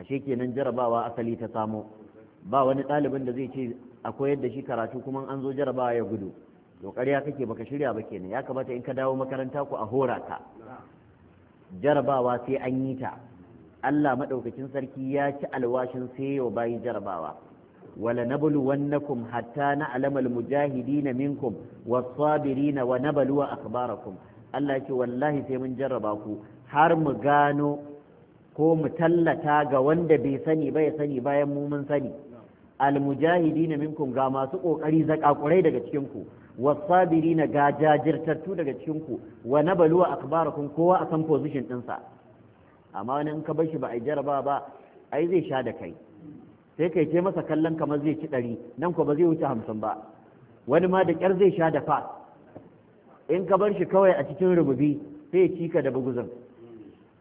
ashe kenan jarabawa asali ta samo ba wani ɗalibin da zai ce a yadda da shi karatu kuma an zo jarabawa ya gudu to ƙarya kake baka shirya ba kenan ya kamata in ka dawo makaranta ku a hora ka jarabawa sai an yi ta Allah maɗaukacin sarki ya ci alwashin sai yau bayi jarabawa wala wannakum hatta na alamal mujahidin minkum was sabirin wa nabluwa akhbarakum Allah ya ce wallahi sai mun jarraba ku har mu gano ko mu tallata ga wanda bai sani ba ya sani bayan mu mun sani na minkum ga masu kokari zakakurai daga cikin ku sabirin ga jajirtattu daga cikin ku wa nabaluwa akhbarakum kowa akan position ɗinsa amma wani in ka bar shi ba a jaraba ba ai zai sha da kai sai kai ce masa kallon kamar zai ci ɗari nan ko ba zai wuce hamsin ba wani ma da ƙyar zai sha da fa in ka bar shi kawai a cikin rububi sai ya cika da buguzun.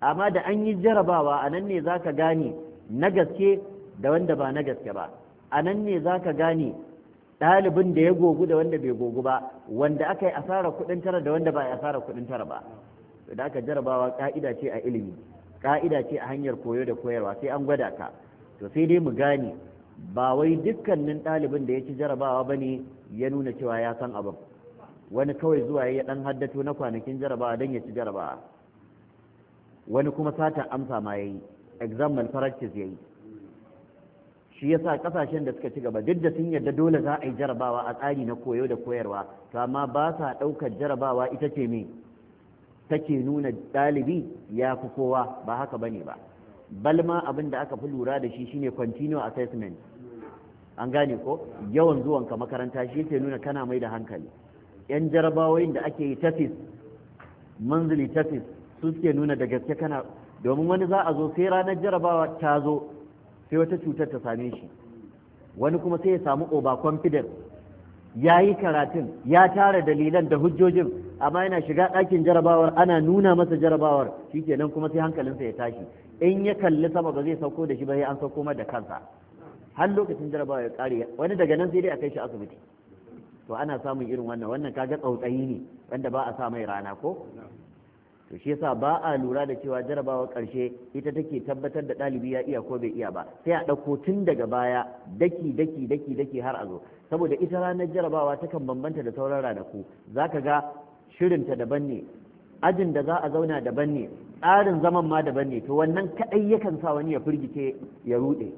amma da an yi jarabawa a nan ne za ka gane na gaske da wanda ba na gaske ba a nan ne za ka gane ɗalibin da ya gogu da wanda bai gogu ba wanda aka yi asarar kuɗin tara da wanda ba a asarar kuɗin tara ba da aka jarabawa ƙa'ida ce a ilimi ƙa'ida ce a hanyar koyo da koyarwa sai an gwada ka to sai dai mu gane ba wai dukkanin ɗalibin da ya ci jarabawa ba ne ya nuna cewa ya san abin wani kawai zuwa ya ɗan haddato na kwanakin jarabawa don ya ci jarabawa wani kuma satan amsa ma yayi exam malpractice yayi shi yasa kasashen da suka ci gaba duk da sun yarda dole za a yi jarabawa a tsari na koyo da koyarwa to amma ba sa ɗaukar jarabawa ita ce me take nuna ɗalibi ya fi kowa ba haka bane ba balma abin da aka fi lura da shi shine continual assessment an gane ko yawan ka makaranta shi yake nuna kana mai da hankali yan jarabawoyin da ake yi tafis manzili tafis su suke nuna da gaske kana domin wani za a zo sai ranar jarabawa ta zo sai wata cutar ta same shi wani kuma sai ya samu overconfidence ya yi karatun ya tara dalilan da hujjojin amma yana shiga ɗakin jarabawar ana nuna masa jarabawar nan kuma sai hankalinsa ya tashi in ya kalli sama ba zai sauko da shi ba sai an sauko da kansa har lokacin jarabawa ya ƙare wani daga nan sai dai a kai shi asibiti to ana samun irin wannan wannan kaga tsautsayi ne wanda ba a sa mai rana ko to shi yasa ba a lura da cewa jarabawa ƙarshe ita take tabbatar da ɗalibi ya iya ko bai iya ba sai a ɗauko tun daga baya daki daki daki daki har a zo saboda ita ranar jarabawa takan bambanta da sauran ranaku za ka ga shirinta daban ne ajin da za a zauna daban ne tsarin zaman ma daban ne to wannan kaɗai yakan sa wani ya firgice ya ruɗe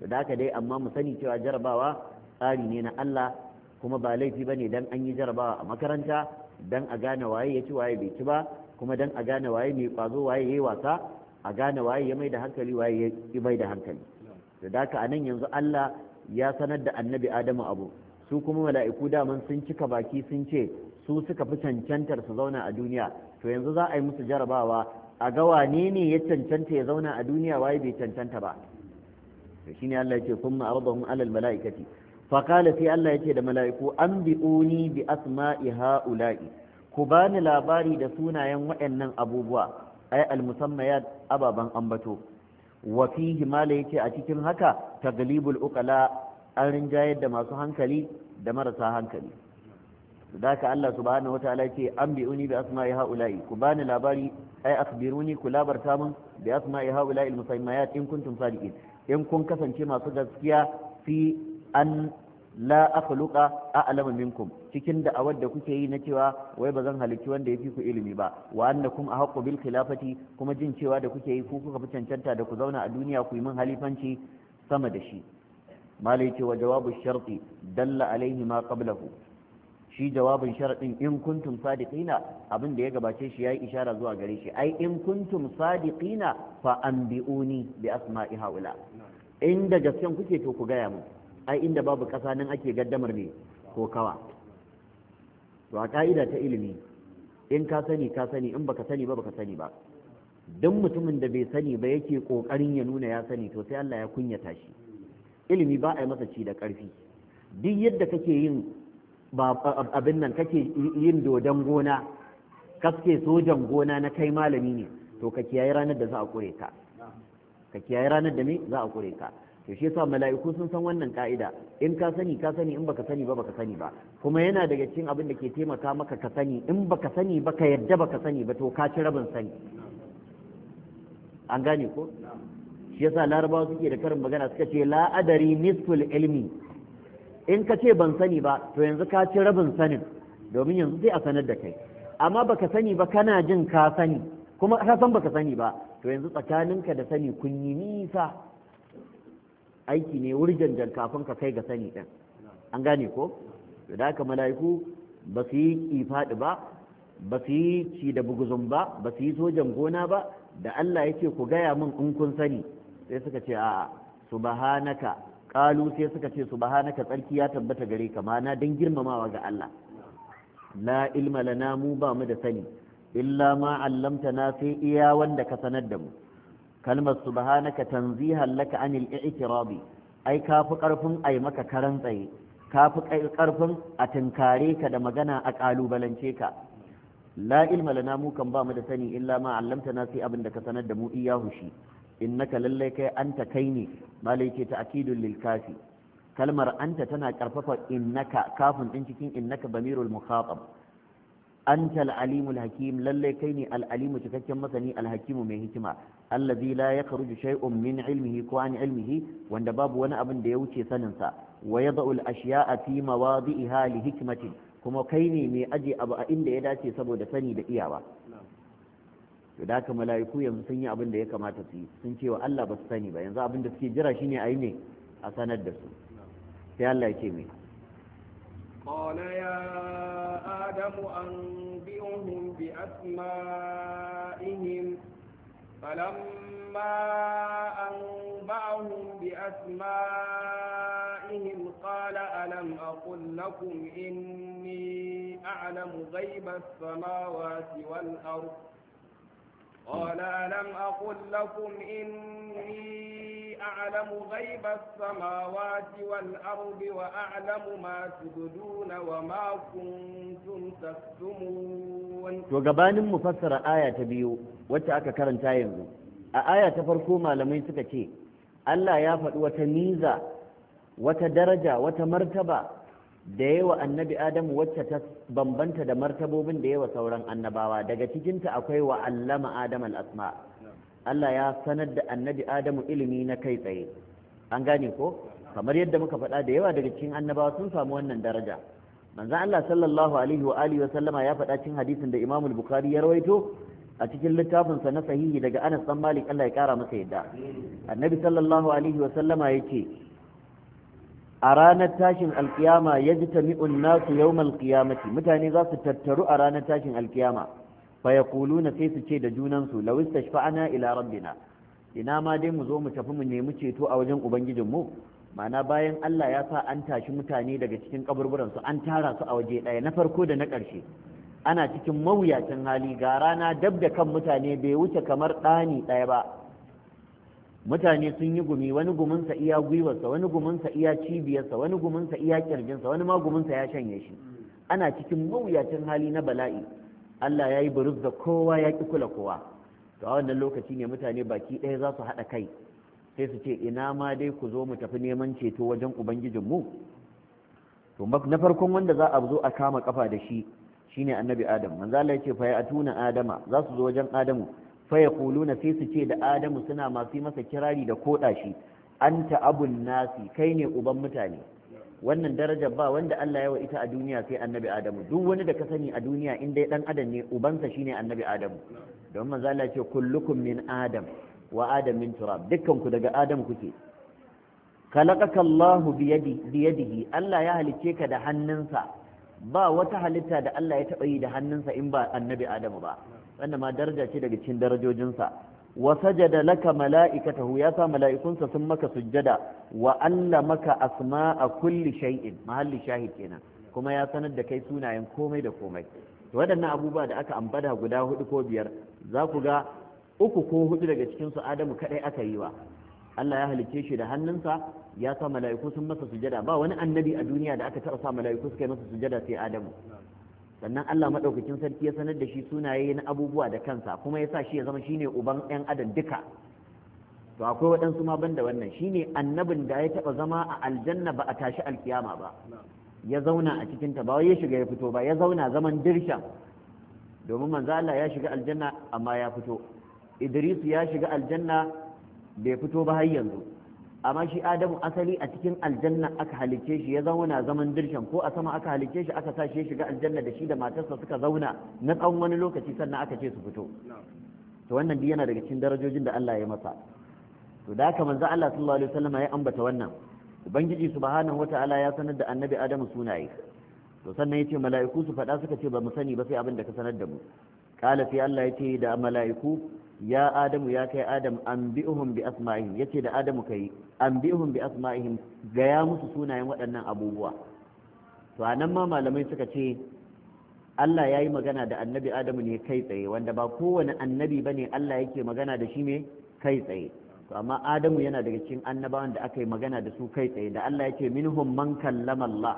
to da haka dai amma mu sani cewa jarabawa tsari ne na Allah kuma ba laifi ba ne dan an yi jarabawa a makaranta dan a gane waye ya ci waye bai ci ba kuma dan a gane waye mai kwazo waye yayi wasa a gane waye ya mai da hankali waye ya mai da hankali da daka anan yanzu Allah ya sanar da annabi Adamu abu su kuma mala'iku daman sun cika baki sun ce su suka fi cancantar su zauna a duniya to yanzu za a yi musu jarabawa a ga wane ne ya cancanta ya zauna a duniya waye bai cancanta ba to shine Allah ya ce kuma arbahum alal mala'ikati faƙala sai Allah ya ce da mala'iku an bi'uni bi asma'i ha'ula'i ku bani labari da sunayen waɗannan abubuwa ay almusammayat ababen ambato wa yace a cikin haka taglibul uƙala an rinjayar da masu hankali da marasa hankali ذاك الله سبحانه وتعالى يقول أنبئوني بأسماء هؤلاء كبان لاباري أي أخبروني كلا برسام بأسماء هؤلاء المسميات إن كنتم صادقين in kun kasance masu gaskiya في an la akhluqa a'lamu minkum cikin awar da kuke yi na cewa wai ba zan halicci wanda ya fi ku ilimi ba wa annakum ahaqqu bil khilafati kuma jin cewa da kuke yi ku kuka fi cancanta da ku zauna a duniya ku yi min halifanci sama da shi malai ce wa jawabu sharti dalla alaihi ma qablahu shi jawabin sharadin in kuntum sadiqina abin da ya gabace shi yayi ishara zuwa gare shi ai in kuntum sadiqina fa anbi'uni bi asma'i haula in da gaskiyan kuke to ku gaya mu ai inda babu ƙasa nan ake gaddamar ne ko kawa to a ka'ida ta ilimi in ka sani ka sani in baka sani ba baka sani ba duk mutumin da bai sani ba yake kokarin ya nuna ya sani to sai Allah ya kunyata shi ilimi ba a yi masa ci da ƙarfi duk yadda kake yin abin nan kake yin dodon gona kaske sojan gona na kai malami ne to ka kiyaye ranar da za a kure ka ka kiyaye ranar da me za a kure ka to shi yasa mala'iku sun san wannan ka'ida in ka sani ka sani in baka sani ba baka sani ba kuma yana daga cikin abin da ke taimaka maka ka sani in baka sani ba ka yadda baka sani ba to ka ci rabin sani an gane ko shi yasa larabawa suke da karin magana suka ce la adari nisful ilmi in ka ce ban sani ba to yanzu ka ci rabin sanin domin yanzu sai a sanar da kai amma baka sani ba kana jin ka sani kuma ka san baka sani ba to yanzu tsakaninka da sani kun yi nisa aiki ne wurjanjan kafin ka kai ga sani ɗin an gane ko da haka mala'iku ba su yi kifaɗi ba ba su yi ci da buguzun ba ba su yi sojan gona ba da Allah ya ce ku gaya min in kun sani sai suka ce a'a subhanaka kalu sai suka ce subhanaka tsarki ya tabbata gare ka mana dan girmamawa ga Allah la ilma lana mu ba mu da sani illa ma allamta na sai iya wanda ka sanar da mu kalmar subhanaka tanzihan laka anil i'tirabi ai kafi karfin ai maka karan tsaye kafi karfin a tinkare ka da magana a kalubalance ka la ilma lana mu kan bamu da sani illa ma allamtana sai abin da ka sanar da mu iyahu shi innaka lallai kai anta kai ne malai ce ta lil kafi kalmar anta tana karfafa innaka kafin din cikin innaka bamirul mukhatab antal alimul hakim lallai kai ne al'alimu cikakken masani alhakimu mai hikima allazi la yakhruju shay'un min ilmihi ko an ilmihi wanda babu wani abin da ya wuce sanin sa wa yad'u al a fi mawadi'iha li hikmatin kuma kai ne mai aje abu a inda ya dace saboda sani da iyawa to da haka mala'iku yanzu sun yi abin da ya kamata su yi sun ce wa Allah ba su sani ba yanzu abin da suke jira shine ayi ne a sanar da su sai Allah ya ce mai قال يا آدم أنبئهم بأسمائهم فلما أنبأهم بأسمائهم قال ألم أقل لكم إني أعلم غيب السماوات والأرض قال ألم أقل لكم إني أعلم غيب السماوات والأرض وأعلم ما تبدون وما كنتم تكتمون وقبان مفسر آية تبيو malamai كرن ce آية تفركوما faɗi يسكتي ألا wata daraja, wata martaba da yawa annabi adamu wacce ta bambanta da martabobin da yawa sauran annabawa daga cikinta akwai wa allama adam al-asma' Allah ya sanar da annabi Adamu ilimi na kai tsaye an gane ko kamar yadda muka faɗa da yawa daga cikin annabawa sun samu wannan daraja manzo Allah sallallahu alaihi wa alihi wa sallama ya faɗa cikin hadisin da Imam al-Bukhari ya rawaito a cikin littafin sa na sahihi daga Anas Dan Malik Allah ya kara masa yadda annabi sallallahu alaihi wa sallama yake a ranar tashin alkiyama yajtami'un nasu yawmal qiyamati mutane za su tattaru a ranar tashin alkiyama fayaquluna sai su ce da junansu law istashfa'na ila rabbina ina ma dai mu zo mu tafi mu nemi ceto a wajen ubangijin mu Mana bayan Allah ya sa an tashi mutane daga cikin kaburburan su an tara su a waje ɗaya na farko da na ƙarshe ana cikin mawuyacin hali ga rana dab da kan mutane bai wuce kamar ɗani ɗaya ba mutane sun yi gumi wani guminsa iya gwiwarsa wani guminsa iya cibiyarsa wani guminsa iya kirjinsa wani ma guminsa ya shanye shi ana cikin mawuyacin hali na bala'i Allah ya yi buruz da kowa ya ƙi kula kowa to a wannan lokaci ne mutane baki ɗaya za su haɗa kai sai su ce ina ma dai ku zo mu tafi neman ceto wajen ubangijinmu to na farkon wanda za a zo a kama kafa da shi shine annabi adam manzo Allah ya ce fa ya'tuna adama za su zo wajen adamu fa yaquluna sai su ce da adamu suna masu masa kirari da koda shi anta abun nasi kai ne uban mutane wannan daraja ba wanda Allah ya wa ita a duniya sai annabi Adamu duk wani da ka sani a duniya in dai dan adam ne ubansa shine annabi Adamu don manzo Allah ce kullukum min adam wa adam min turab dukkan ku daga adam kuke khalaqaka Allahu bi yadihi Allah ya halicce ka da hannunsa ba wata halitta da Allah ya taba yi da hannunsa in ba annabi Adamu ba wannan ma daraja ce daga cikin darajojinsa wa sajada laka mala'ikatahu ya sa mala'ikunsa sun maka sujjada wa allamaka asma'a kulli shay'in mahalli shahid kenan kuma ya sanar da kai sunayen komai da komai waɗannan abubuwa da aka ambata guda hudu ko biyar za ku ga uku ko hudu daga cikin su Adamu kadai aka yi wa Allah ya halicce shi da hannunsa ya sa mala'iku sun masa sujada ba wani annabi a duniya da aka taɓa sa mala'iku suka yi masa sujada sai Adamu sannan Allah maɗaukakin sarki ya sanar da shi sunaye na abubuwa da kansa kuma ya sa shi ya zama shi ne uban 'yan adam duka to akwai waɗansu ma banda wannan Shi ne annabin da ya taɓa zama a aljanna ba a tashi alkiyama ba ya zauna a cikin ta ba ya shiga ya fito ba ya zauna zaman dirshan domin manzo Allah ya shiga aljanna amma ya fito Idris ya shiga aljanna bai fito ba har yanzu amma shi adamu asali a cikin aljanna aka halicce shi ya zauna zaman dirshan ko a sama aka halicce shi aka sa shi ya shiga aljanna da shi da matarsa suka zauna na tsawon wani lokaci sannan aka ce su fito to wannan duk yana daga cikin darajojin da Allah ya masa to da haka manzo Allah sallallahu alaihi wasallam ya ambata wannan ubangiji subhanahu wataala ya sanar da annabi adamu sunaye to sannan yace mala'iku su faɗa suka ce ba mu sani ba sai abin da ka sanar da mu kala sai Allah yace da mala'iku ya adamu ya kai adam bi'uhum bi asma'ihim yace da adamu kai bi'uhum bi asma'ihim gaya musu sunayen waɗannan abubuwa to anan ma malamai suka ce Allah ya yi magana da annabi Adamu ne kai tsaye wanda ba kowane annabi ba ne Allah yake magana da shi ne kai tsaye to amma Adamu yana daga cikin annabawan da aka yi magana da su kai tsaye da Allah yake minhum man kallama Allah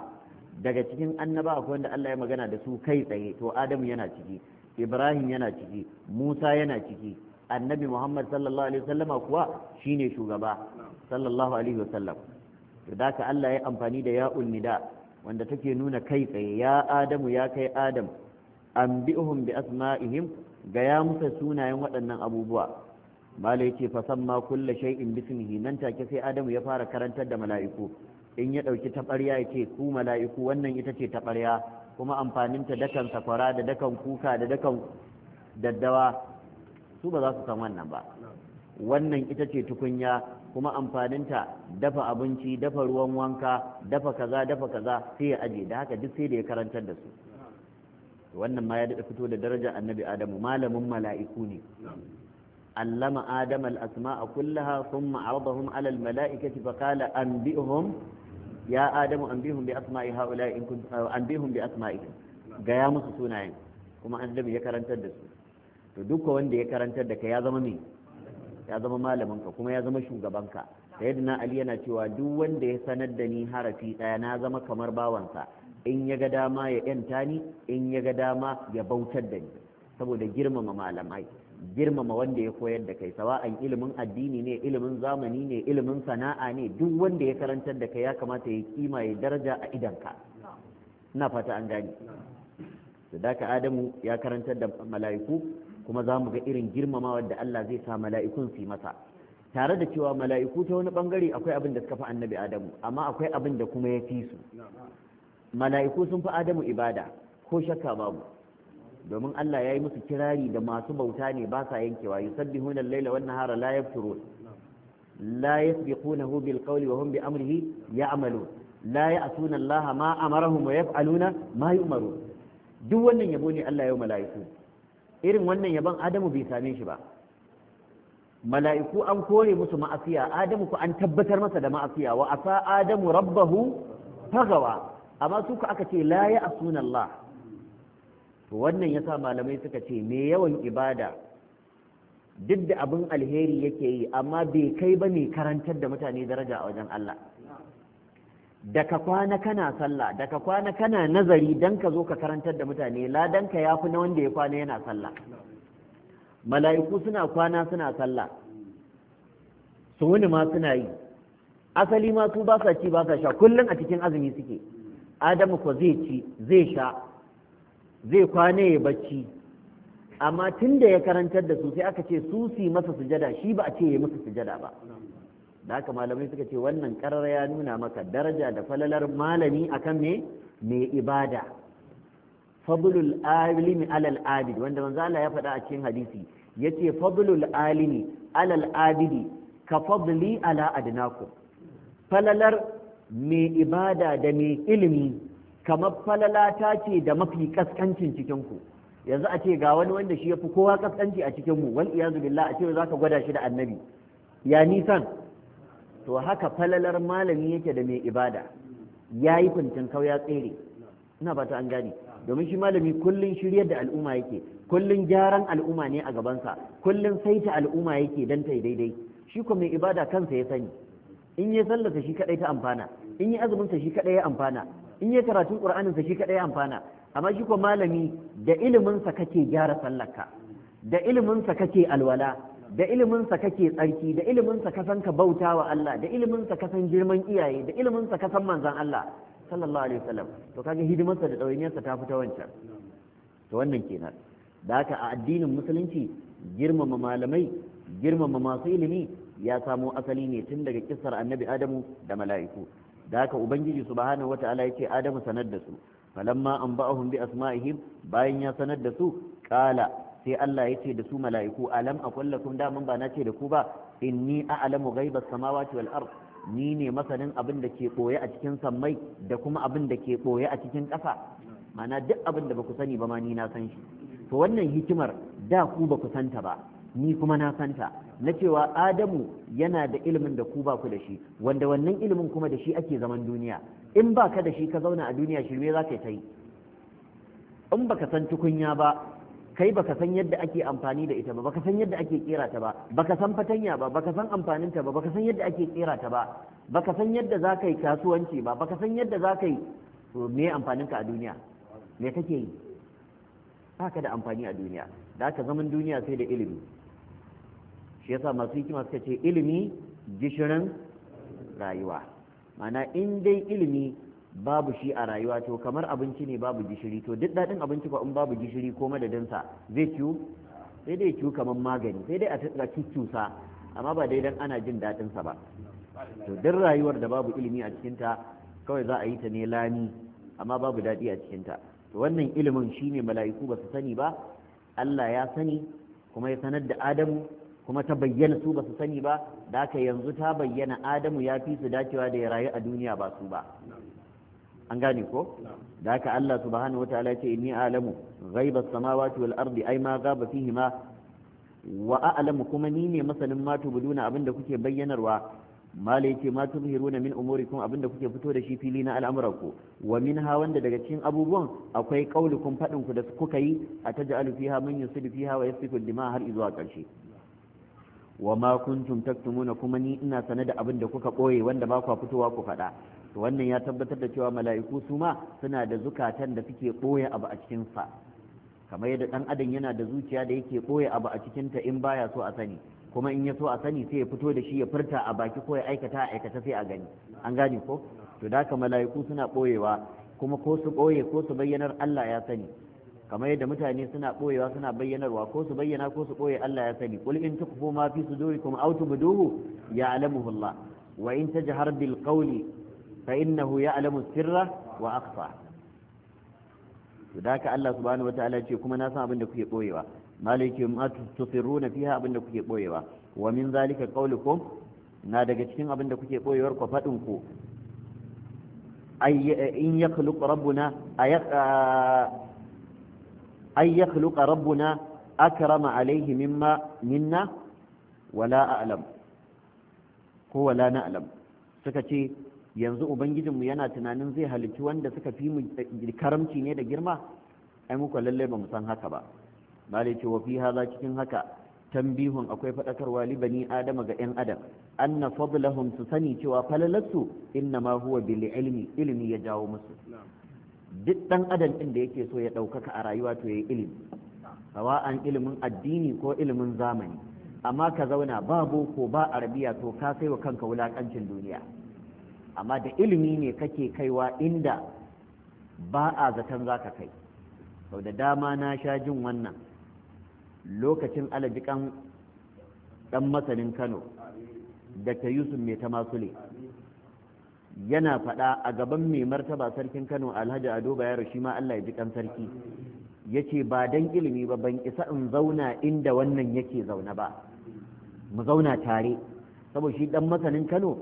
daga cikin annaba akwai wanda Allah ya magana da su kai tsaye to Adamu yana ciki Ibrahim yana ciki Musa yana ciki annabi muhammad sallallahu alaihi wasallama kuwa shine shugaba sallallahu alaihi wasallam to da ka Allah ya amfani da ya ulnida wanda take nuna kai tsaye ya adamu ya kai adam an bi asma'ihim ga ya musa sunayen waɗannan abubuwa malai yake fa samma kulla shay'in bismihi nan take sai adamu ya fara karantar da mala'iku in ya ɗauki taɓarya yake ku mala'iku wannan ita ce taɓarya kuma amfanin ta dakan safara da dakan kuka da dakan daddawa su ba za su san wannan ba wannan ita ce tukunya kuma amfaninta dafa abinci dafa ruwan wanka dafa kaza dafa kaza sai ya aje da haka duk sai da ya karantar da su wannan ma ya daɗa fito da darajar annabi adamu malamin mala'iku ne allama adam al-asma'a kullaha thumma aradahum ala al-mala'ikati fa qala anbi'hum ya adamu anbihum bi asma'i ha'ula'i in kuntum anbihum bi asma'ihim ga ya musu sunayen kuma annabi ya karantar da su to duka wanda ya karantar da ka ya zama mai ya zama malamin kuma ya zama shugaban ka na ali yana cewa duk wanda ya sanar da ni harafi daya na zama kamar bawansa in ya ga dama ya yanta ni in ya ga dama ya bautar da ni saboda girmama malamai girmama wanda ya koyar da kai sawa'an ilimin addini ne ilimin zamani ne ilimin sana'a ne duk wanda ya karantar da kai ya kamata ya kima ya daraja a idanka ina fata an gani da adamu ya karantar da mala'iku kuma za mu ga irin girmamawar da Allah zai sa mala'ikun su yi masa tare da cewa mala'iku ta wani bangare akwai abin da suka fi annabi adamu amma akwai abin da kuma ya fi su mala'iku sun fi adamu ibada ko shakka babu domin Allah ya yi musu kirari da masu bauta ne ba sa yankewa yusabbihuna al-laila wan nahara la yafturun la yasbiqunahu bil qawli wa hum bi amrihi ya'malun la ya'tuna Allah ma amarahum wa yaf'aluna ma yu'marun duk wannan yabo ne Allah ya yi mala'iku irin wannan yaban adamu bai same shi ba mala'iku an kore musu ma'afiya adamu ku an tabbatar masa da ma'afiya wa asa adamu rabbahu tagawa amma su ku aka ce la ya asuna Allah to wannan yasa malamai suka ce me yawan ibada duk da abin alheri yake yi amma bai kai ba ne karantar da mutane daraja a wajen Allah Daga kwana kana sallah daga kwana kana nazari dan ka zo ka karantar da mutane ladan ka yafi na wanda ya kwana yana sallah mala'iku suna kwana suna sallah su wani ma suna yi asali ma su ba sa ci ba sa sha kullum a cikin azumi suke adamu ko zai ci zai sha zai kwana ya bacci amma tun da ya karantar da su sai aka ce su su masa sujada shi ba a ce ya yi masa sujada ba da haka malamai suka ce wannan karar ya nuna maka daraja da falalar malami akan me mai ibada fadlul alimi alal abidi wanda manzo Allah ya faɗa a cikin hadisi yace fadlul alimi alal abidi ka fadli ala adnakum falalar mai ibada da mai ilimi kamar ta ce da mafi kaskancin cikin ku yanzu a ce ga wani wanda shi ya fi kowa kaskanci a mu wal iyazu billah a ce za ka gwada shi da annabi ya nisan to haka falalar malami yake da mai ibada ya yi kwancin kawai ya tsere ina ba ta an gane domin shi malami kullum shiryar da al'umma yake kullum gyaran al'umma ne a gabansa kullum saita al'umma yake don ta yi daidai shi kuma mai ibada kansa ya sani in yi sallata shi kadai ta amfana in yi azuminsa shi kadai ya amfana in yi karatun qur'aninsa shi kadai ya amfana amma shi kuma malami da iliminsa kake gyara sallarka da iliminsa kake alwala da iliminsa kake tsarki da iliminsa ka san ka bauta wa Allah da iliminsa ka san girman iyaye da iliminsa ka san manzan Allah sallallahu alaihi wasallam to kaga hidimarsa da ɗawainiyarsa ta fita wancan to wannan kenan da haka a addinin musulunci girmama malamai girmama masu ilimi ya samo asali ne tun daga kissar annabi adamu da mala'iku da haka ubangiji subhanahu wata'ala ya ce adamu sanar da su falamma an ba'ahum bi asma'ihim bayan ya sanar da su qala sai Allah ya ce da su mala'iku alam aqul lakum damun ba na ce da ku ba inni a'lamu ghaibas samawati wal ard ni ne masanin abin da ke ɓoye a cikin sammai da kuma abin da ke ɓoye a cikin ƙasa mana duk abin da ba ku sani ba ma ni na san shi to wannan hikimar da ku ba ku santa ba ni kuma na santa na cewa adamu yana da ilimin da ku ba ku da shi wanda wannan ilimin kuma da shi ake zaman duniya in ba ka da shi ka zauna a duniya shirme za ka yi ta yi in ba ka san tukunya ba kai baka san yadda ake amfani da ita ba baka san yadda ake kera ta ba baka san fatanya ba baka san amfanin ta ba baka san yadda ake kera ta ba baka san yadda za ka yi kasuwanci ba baka san yadda za ka yi me amfanin ka a duniya me kake yi ba ka da amfani a duniya da aka zaman duniya sai da ilimi shi yasa masu hikima suka ce ilimi gishirin rayuwa mana in dai ilimi babu shi a rayuwa to kamar abinci ne babu gishiri to duk daɗin abinci ba in babu gishiri ko madadinsa zai ciwu sai dai ciwu kamar magani sai dai a cuccusa amma ba dai don ana jin daɗinsa ba to duk rayuwar da babu ilimi a cikinta kawai za a yi ta ne lami amma babu daɗi a cikinta to wannan ilimin shi ne mala'iku ba su sani ba Allah ya sani kuma ya sanar da Adamu kuma ta bayyana su ba su sani ba da haka yanzu ta bayyana Adamu ya fi su dacewa da ya rayu a duniya ba su ba an gane ko da haka Allah subhanahu wataala ya ce inni a'lamu ghaiba samawati wal ardi ai ma ghaba fihi ma wa a'lamu kuma ni ne masanin ma tubuduna abinda kuke bayyanarwa mala yace ma tubhiruna min umurikum abinda kuke fito da shi fili na al'amuranku wa min ha wanda daga cikin abubuwan akwai qaulukum fadin ku da kuka yi ataj'alu fiha man yusdi fiha wa yasfiku dima har zuwa karshe wa ma kuntum taktumuna kuma ni ina sane da abin kuka ɓoye wanda ba kwa fitowa ku faɗa to wannan ya tabbatar da cewa mala'iku su ma suna da zukatan da suke ɓoye abu a cikinsa kamar yadda ɗan adam yana da zuciya da yake ɓoye abu a cikinta in baya so a sani kuma in ya so a sani sai ya fito da shi ya furta a baki ko ya aikata a aikata sai a gani an gane ko to da haka mala'iku suna ɓoyewa kuma ko su ɓoye ko su bayyanar Allah ya sani kamar yadda mutane suna ɓoyewa suna bayyanarwa ko su bayyana ko su ɓoye Allah ya sani kul in tukfu ma fi kuma autu buduhu ya alamuhullah wa in tajhar bil qawli fa innahu ya'lamu sirra wa akhfa to da haka Allah subhanahu wataala ce kuma na san abin da kuke boyewa malaikum ma tusirruna fiha abin da kuke boyewa wa min zalika qaulukum na daga cikin abin da kuke boyewar ku fadin ku in yakhluq rabbuna ay yakhluq rabbuna akrama alaihi mimma minna wala a'lam ko wala na'lam suka ce yanzu ubangijinmu yana tunanin zai halici wanda suka fi mu karamci ne da girma ai muku lalle ba mu san haka ba malai ce wa fi haza cikin haka tambihun akwai faɗakarwa li bani adama ga yan adam anna fadlahum su sani cewa falalatsu inna ma huwa bil ilmi ilmi ya jawo musu duk dan adam din da yake so ya ɗaukaka a rayuwa to yayi ilimi sawa'an ilimin addini ko ilimin zamani amma ka zauna babu ko ba arabiya to ka kai wa kanka wulakancin duniya amma da ilimi ne kake kaiwa inda ba a zaton za ka kai sau da dama na sha jin wannan lokacin alajikan ɗan masanin kano dr yusuf mai ta masule yana faɗa a gaban mai martaba sarkin kano alhaji ado bayero shi ma allah ya ji kan sarki ya ce ba don ilimi ba ban isa in zauna inda wannan yake zauna ba mu zauna tare saboda shi dan masanin kano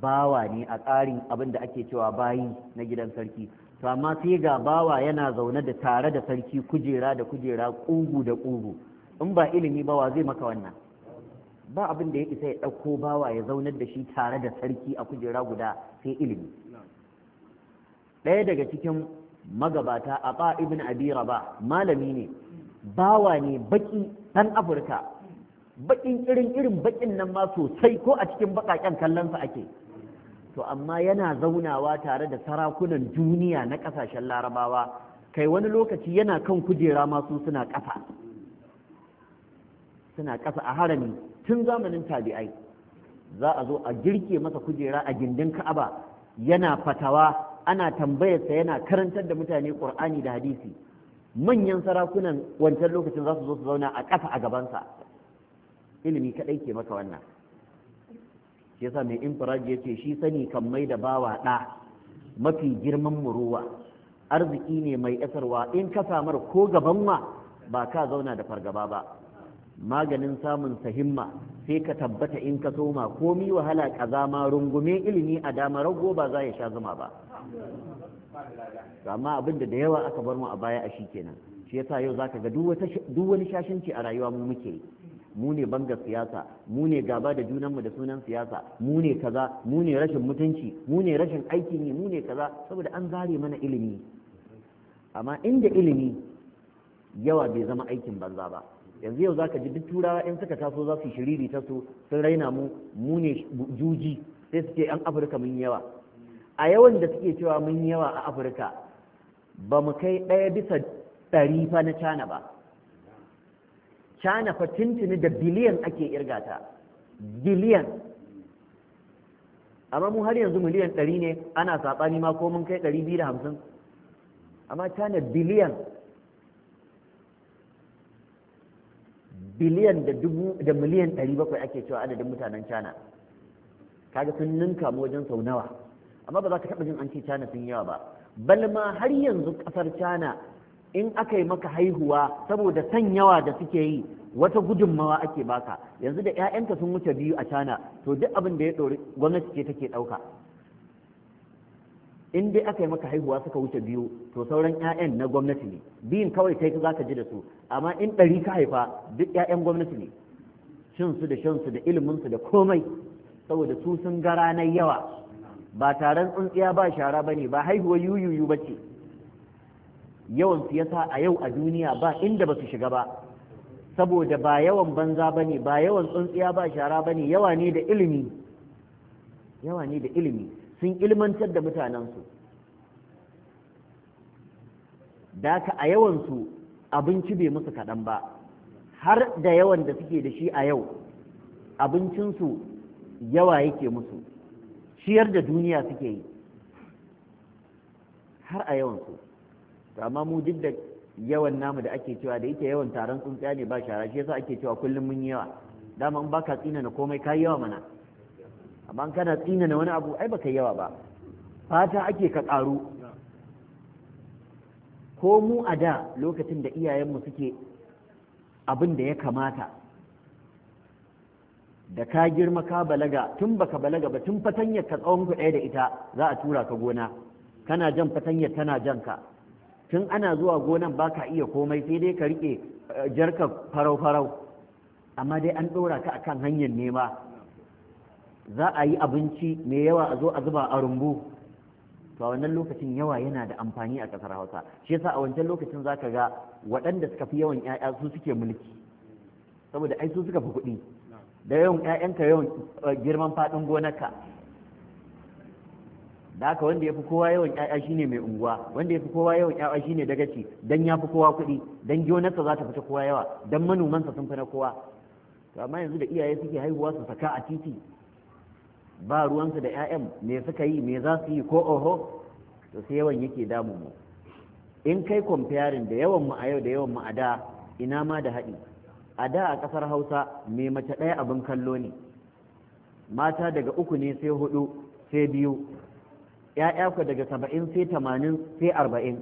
bawa ne a tsarin abin da ake cewa bayi na gidan sarki to amma sai ga bawa yana zaune da tare da sarki kujera da kujera ƙugu da ƙugu in ba ilimi ba wa zai maka wannan ba abin da ya isa ya ɗauko bawa ya zaunar da shi tare da sarki a kujera guda sai ilimi ɗaya daga cikin magabata a ibn abi raba malami ne bawa ne baki ɗan afirka Baƙin irin irin baƙin nan ma sosai ko a cikin baƙaƙen kallonsa ake to amma yana zaunawa tare da sarakunan duniya na ƙasashen larabawa kai wani lokaci yana kan kujera masu suna ƙasa suna ƙasa a harami tun zamanin tabi'ai za a zo a girke masa kujera a gindin ka'aba yana fatawa ana tambayarsa yana karantar da mutane ƙur'ani da hadisi manyan sarakunan wancan lokacin za su zo su zauna a ƙasa a gabansa ilimi kaɗai ke maka wannan shi yasa mai infiraji ya ce shi sani kan mai da bawa ɗa mafi girman muruwa arziki ne mai ƙasarwa in ka samar ko gaban ma ba ka zauna da fargaba ba maganin samun sahimma sai ka tabbata in ka soma komi wahala ka zama rungume ilimi a dama rago ba za ya sha zuma ba amma abin da da yawa aka bar mu a baya a shi kenan shi yasa yau zaka ga duk wani shashinci a rayuwa mu muke yi mu ne banga siyasa mu ne gaba da junanmu da sunan siyasa mu ne kaza mu ne rashin mutunci mu ne rashin aikin yi mu ne kaza saboda an zare mana ilimi amma inda ilimi yawa bai zama aikin banza ba yanzu yau zaka ji duk turawa in suka taso za su shiriri ta su sun raina mu mu ne juji sai suke yan afirka mun yawa a yawan da suke cewa mun yawa a afirka ba mu kai ɗaya bisa ɗari fa na cana ba cana fa tintini da biliyan ake irgata biliyan amma mu har yanzu miliyan ɗari ne ana saɓani ma ko mun kai hamsin amma cana biliyan biliyan da dubu da miliyan ɗari bakwai ake cewa adadin mutanen cana kaga sun ninka wajen sau nawa amma ba za ka taɓa jin an ce cana sun yawa ba bal ma har yanzu ƙasar cana in aka yi maka haihuwa saboda san yawa da suke yi wata gudunmawa ake baka yanzu da 'ya'yanka sun wuce biyu a cana to duk abin da ya ɗori gwamnati ce take ɗauka in dai aka yi maka haihuwa suka wuce biyu to sauran 'ya'yan na gwamnati ne biyun kawai kai za ka ji da su amma in ɗari ka haifa duk 'ya'yan gwamnati ne cinsu da shansu da iliminsu da komai saboda su sun ga ranar yawa ba taron tsuntsiya ba shara ba ne ba haihuwa yuyuyu ba ce yawan siyasa a yau a duniya ba inda ba su shiga ba saboda ba yawan banza ba ne ba yawan tsuntsiya ba shara ba ne yawa ne da ilimi yawa ne da ilimi sun ilmantar da mutanensu da ka a yawansu abinci bai musu kaɗan ba har da yawan da suke da shi a yau abincinsu yawa yake musu ciyar da duniya suke yi har a yawansu to amma mu duk da yawan namu da ake cewa da yake yawan taron tsuntsiya ne ba shara shi yasa ake cewa kullum mun yawa dama in baka tsina na komai ka yawa mana amma kana tsina na wani abu ai baka yawa ba fata ake ka karu ko mu a da lokacin da iyayenmu suke abin da ya kamata da ka girma ka balaga tun baka balaga ba tun fatanyar ka tsawon ku ɗaya da ita za a tura ka gona kana jan fatanyar tana jan ka tun ana zuwa gonan ba ka iya komai sai dai ka riƙe eh, jarka farau-farau amma dai an ɗora ka akan hanyar nema za a yi abinci mai yawa a zo a zuba a rumbu to a wannan lokacin yawa yana da amfani a ƙasar hausa shi yasa a wancan lokacin za ka ga waɗanda suka fi yawan 'ya'ya su suke mulki saboda ai su suka fi kuɗi da yawan 'ya'yanka yawan eh, girman faɗin gonarka da haka wanda ya fi kowa yawan ƴaƴa shine mai unguwa wanda ya fi kowa yawan ƴaƴa shine dagaci dan ya fi kowa kuɗi dan gonarsa za ta fita kowa yawa dan manomansa sun fi na kowa to amma yanzu da iyaye suke haihuwa su saka a titi ba ruwansu da ƴaƴan me suka yi me za su yi ko oho to sai yawan yake damu mu in kai comparing da yawan mu a yau da yawan mu a da ina ma da haɗi a da a ƙasar hausa mai mace ɗaya abin kallo ne mata daga uku ne sai hudu sai biyu ya'ya ku daga saba'in sai tamanin sai arba'in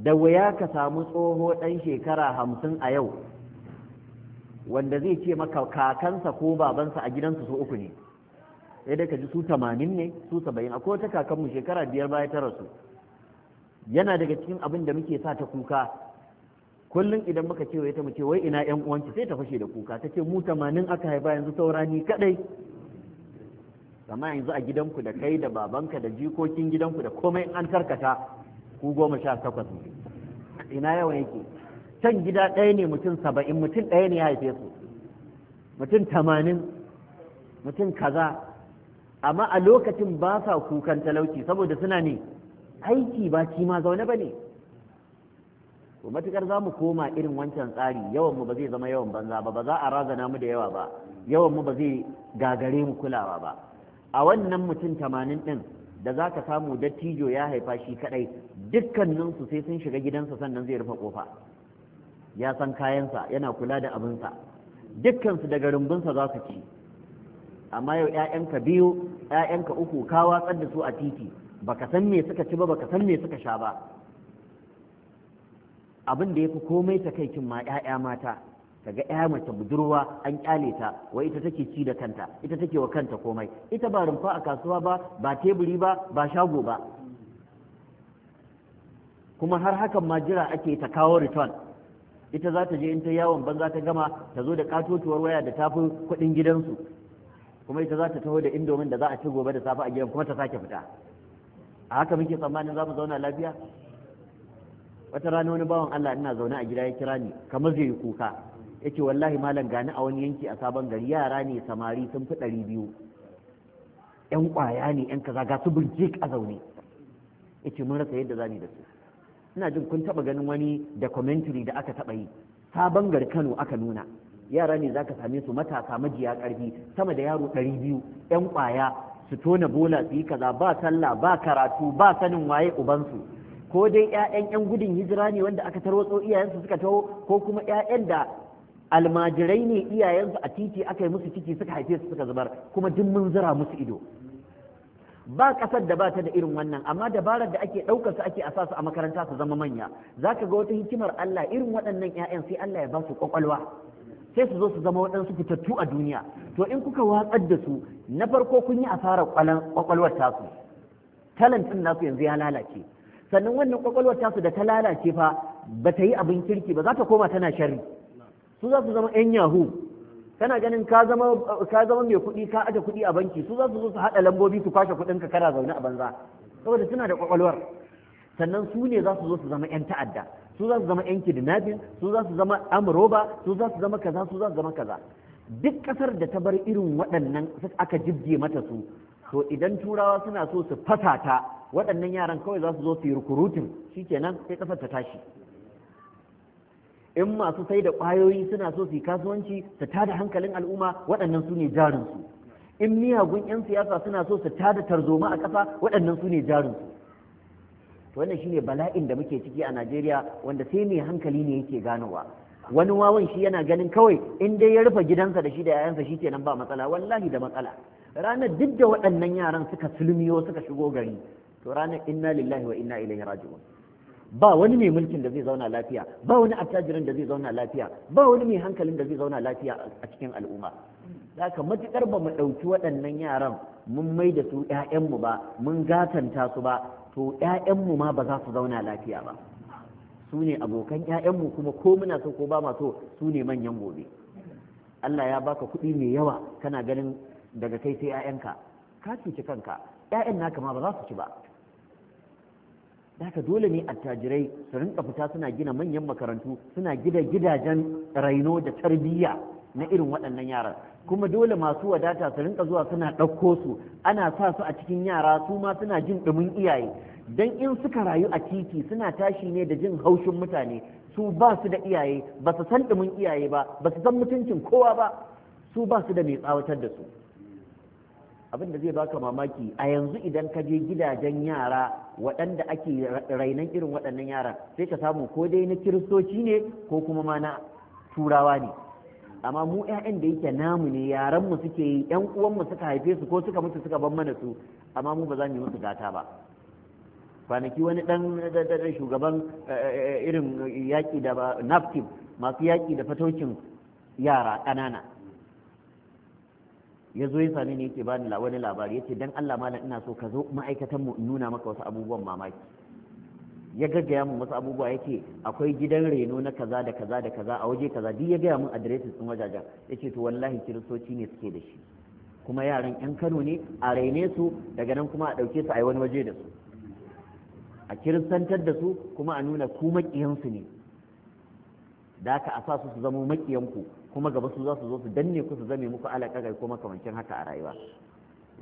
da wuya ka samu tsoho ɗan shekara hamsin a yau wanda zai ce maka kakansa ko babansa a gidansu su uku ne sai da ka ji su tamanin ne su saba'in a kowace kakanmu shekara biyar baya ta rasu yana daga cikin abin da muke sa ta kuka kullum idan muka ce ta mu wai ina yan uwanki sai ta fashe da kuka ta ce mu tamanin aka haifa yanzu saurani kaɗai. kadai amma yanzu a gidanku da kai da babanka da jikokin gidanku da komai an tarkata ku goma sha takwas ne ina yawan yake can gida ɗaya ne mutum saba'in mutum ɗaya ne ya haife su mutum tamanin mutum kaza amma a lokacin ba sa kukan talauci saboda suna ne aiki ba ci ma zaune ba ne to matukar za mu koma irin wancan tsari yawan mu ba zai zama yawan banza ba ba za a razana mu da yawa ba yawan mu ba zai gagare mu kulawa ba a wannan mutum tamanin ɗin da za ka samu dattijo ya haifa shi kaɗai dukkaninsu sai sun shiga gidansa sannan zai rufe ƙofa ya san kayansa yana kula da abinsa dukkansu daga rumbunsa za su ci amma yau 'ya'yanka biyu 'ya'yanka uku ka watsar da su a titi baka san me suka ci ba baka san me suka sha ba abin da ya fi komai takaicin ma 'ya'ya mata ga ya mace budurwa an kyale ta wai ita take ci da kanta ita take wa kanta komai ita ba rumfa a kasuwa ba ba teburi ba ba shago ba kuma har hakan ma jira ake ta kawo return ita za ta je in ta yawon banza ta gama ta zo da katotuwar waya da tafi kuɗin gidansu kuma ita za ta taho da indomin da za a ci gobe da safe a gidan kuma ta sake fita a haka muke tsammanin za mu zauna lafiya wata rana wani bawan Allah ina zaune a gida ya kira ni kamar zai yi kuka Yake wallahi malam gani a wani yanki a sabon gari yara ne samari sun fi ɗari biyu yan ƙwaya ne yan kaza ga su a zaune Yake mun rasa yadda zamu da su ina jin kun taɓa ganin wani documentary da aka taɓa yi sabon gari Kano aka nuna yara ne za ka same su matasa majiya ƙarfi sama da yaro ɗari biyu yan ƙwaya su tona bola su yi kaza ba sallah ba karatu ba sanin waye ubansu ko dai 'ya'yan 'yan gudun hijira ne wanda aka tarwatso iyayensu suka taho ko kuma 'ya'yan da almajirai ne iyayensu a titi aka yi musu ciki suka haife su suka zubar kuma duk mun zura musu ido ba kasar da ba ta da irin wannan amma dabarar da ake ɗaukar su ake a su a makaranta su zama manya zaka ga wata hikimar Allah irin waɗannan 'ya'yan sai Allah ya ba su sai su zo su zama waɗansu fitattu a duniya to in kuka watsar da su na farko kun yi asarar su, tasu talentin nasu yanzu ya lalace sannan wannan kwakwalwar tasu da ta lalace fa ba ta yi abin kirki ba za ta koma tana sharri su za su zama yan yahu kana ganin ka zama ka zama mai kuɗi ka aje kuɗi a banki su za su zo su haɗa lambobi su kwashe kuɗin ka kana zaune a banza saboda suna da kwakwalwar sannan su ne za su zo su zama yan ta'adda su za su zama yan kidnapping su za su zama amroba su za su zama kaza su za su zama kaza duk kasar da ta bar irin waɗannan aka jibge mata su to idan turawa suna so su fasa ta waɗannan yaran kawai za su zo su yi rukurutun shikenan sai kasar ta tashi in masu sai da ƙwayoyi suna so su yi kasuwanci su tada hankalin al'umma waɗannan su ne jarinsu in miyagun 'yan siyasa suna so su tada tarzoma a ƙasa waɗannan su ne jarinsu to wannan shine bala'in da muke ciki a Najeriya wanda sai mai hankali ne yake ganowa wani wawan shi yana ganin kawai in dai ya rufe gidansa da shi da yayansa shi kenan ba matsala wallahi da matsala ranar duk da waɗannan yaran suka sulmiyo suka shigo gari to ranar inna lillahi wa inna ilaihi raji'un ba wani mai mulkin da zai zauna lafiya ba wani attajirin da zai zauna lafiya ba wani mai hankalin da zai zauna lafiya a cikin al'umma haka matukar ba mu ɗauki waɗannan yaran mun mai da su ya'yanmu ba mun gatanta su ba to ya'yanmu ma ba za su zauna lafiya ba su ne abokan ya'yanmu kuma ko muna so ko ba ma so su ne manyan gobe Allah ya baka kuɗi mai yawa kana ganin daga kai sai ya'yanka ka cuci kanka ya'yan naka ma ba za su ci ba haka dole ne attajirai su rinka fita suna gina manyan makarantu suna gida gidajen raino da tarbiyya na irin waɗannan yara kuma dole masu wadata su rinka zuwa suna ɗauko su ana sa su a cikin yara su ma suna jin ɗumin iyaye dan in suka rayu a titi suna tashi ne da jin haushin mutane su ba su da iyaye ba su san ɗumin iyaye ba ba su san mutuncin kowa ba su ba su da mai tsawatar da su abin da zai baka mamaki a yanzu idan ka je gidajen yara waɗanda ake rainan irin waɗannan yara sai ka samu ko dai na kiristoci ne ko kuma ma na turawa ne amma mu 'ya'yan da yake namu ne yaran mu suke yi 'yan mu suka haife su ko suka mutu suka ban mana su amma mu ba za mu yi musu gata ba kwanaki wani dan shugaban eh, eh, eh, irin yaƙi da nafkin masu yaki da fatokin yara ƙanana ya zo ya sami ne yake bani wani labari yace dan Allah malam ina so ka zo ma'aikatan mu in nuna maka wasu abubuwan mamaki ya gaggaya mu wasu abubuwa yake akwai gidan reno na kaza da kaza da kaza a waje kaza duk ya gaya mun adireshin sun wajajen yace to wallahi kiristoci ne suke da shi kuma yaran yan Kano ne a raine su daga nan kuma a ɗauke su a yi wani waje da su a kiristantar da su kuma a nuna ku maƙiyansu ne da aka a sa su su zama maƙiyanku kuma gaba su za su zo su danne ku su zame muku alaƙa ga ko kamancin haka a rayuwa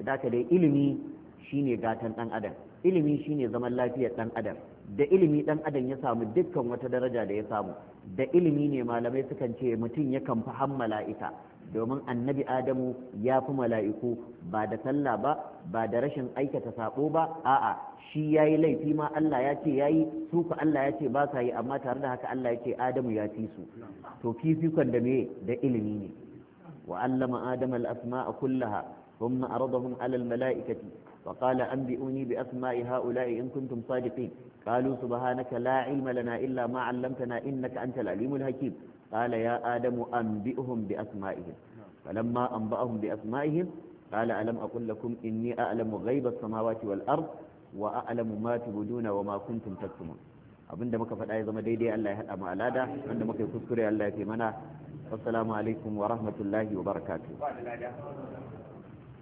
da dai ilimi shine gatan ɗan adam ilimi shine zaman lafiyar ɗan adam da ilimi dan adam ya samu dukkan wata daraja da ya samu da ilimi ne malamai sukan ce mutum yakan fi han mala'ika domin annabi adamu ya fi mala'iku ba da sallah ba ba da rashin aikata sabo ba a'a shi yayi laifi ma Allah ya ce ya su ku Allah ya ce ba sa yi amma tare da haka Allah ya ce adamu ya fi su to fifikon da me da ilimi ne wa allama adama al-asma'a kullaha thumma aradahum ala al-mala'ikati فقال أنبئوني بأسماء هؤلاء إن كنتم صادقين قالوا سبحانك لا علم لنا إلا ما علمتنا إنك أنت العليم الحكيم قال يا آدم أنبئهم بأسمائهم فلما أنبأهم بأسمائهم قال ألم أقل لكم إني أعلم غيب السماوات والأرض وأعلم ما تبدون وما كنتم تكتمون abinda muka faɗa ya zama daidai Allah ya haɗa mu alada wanda muka yi kuskure Allah ya fi mana wassalamu alaikum wa rahmatullahi wa barakatuh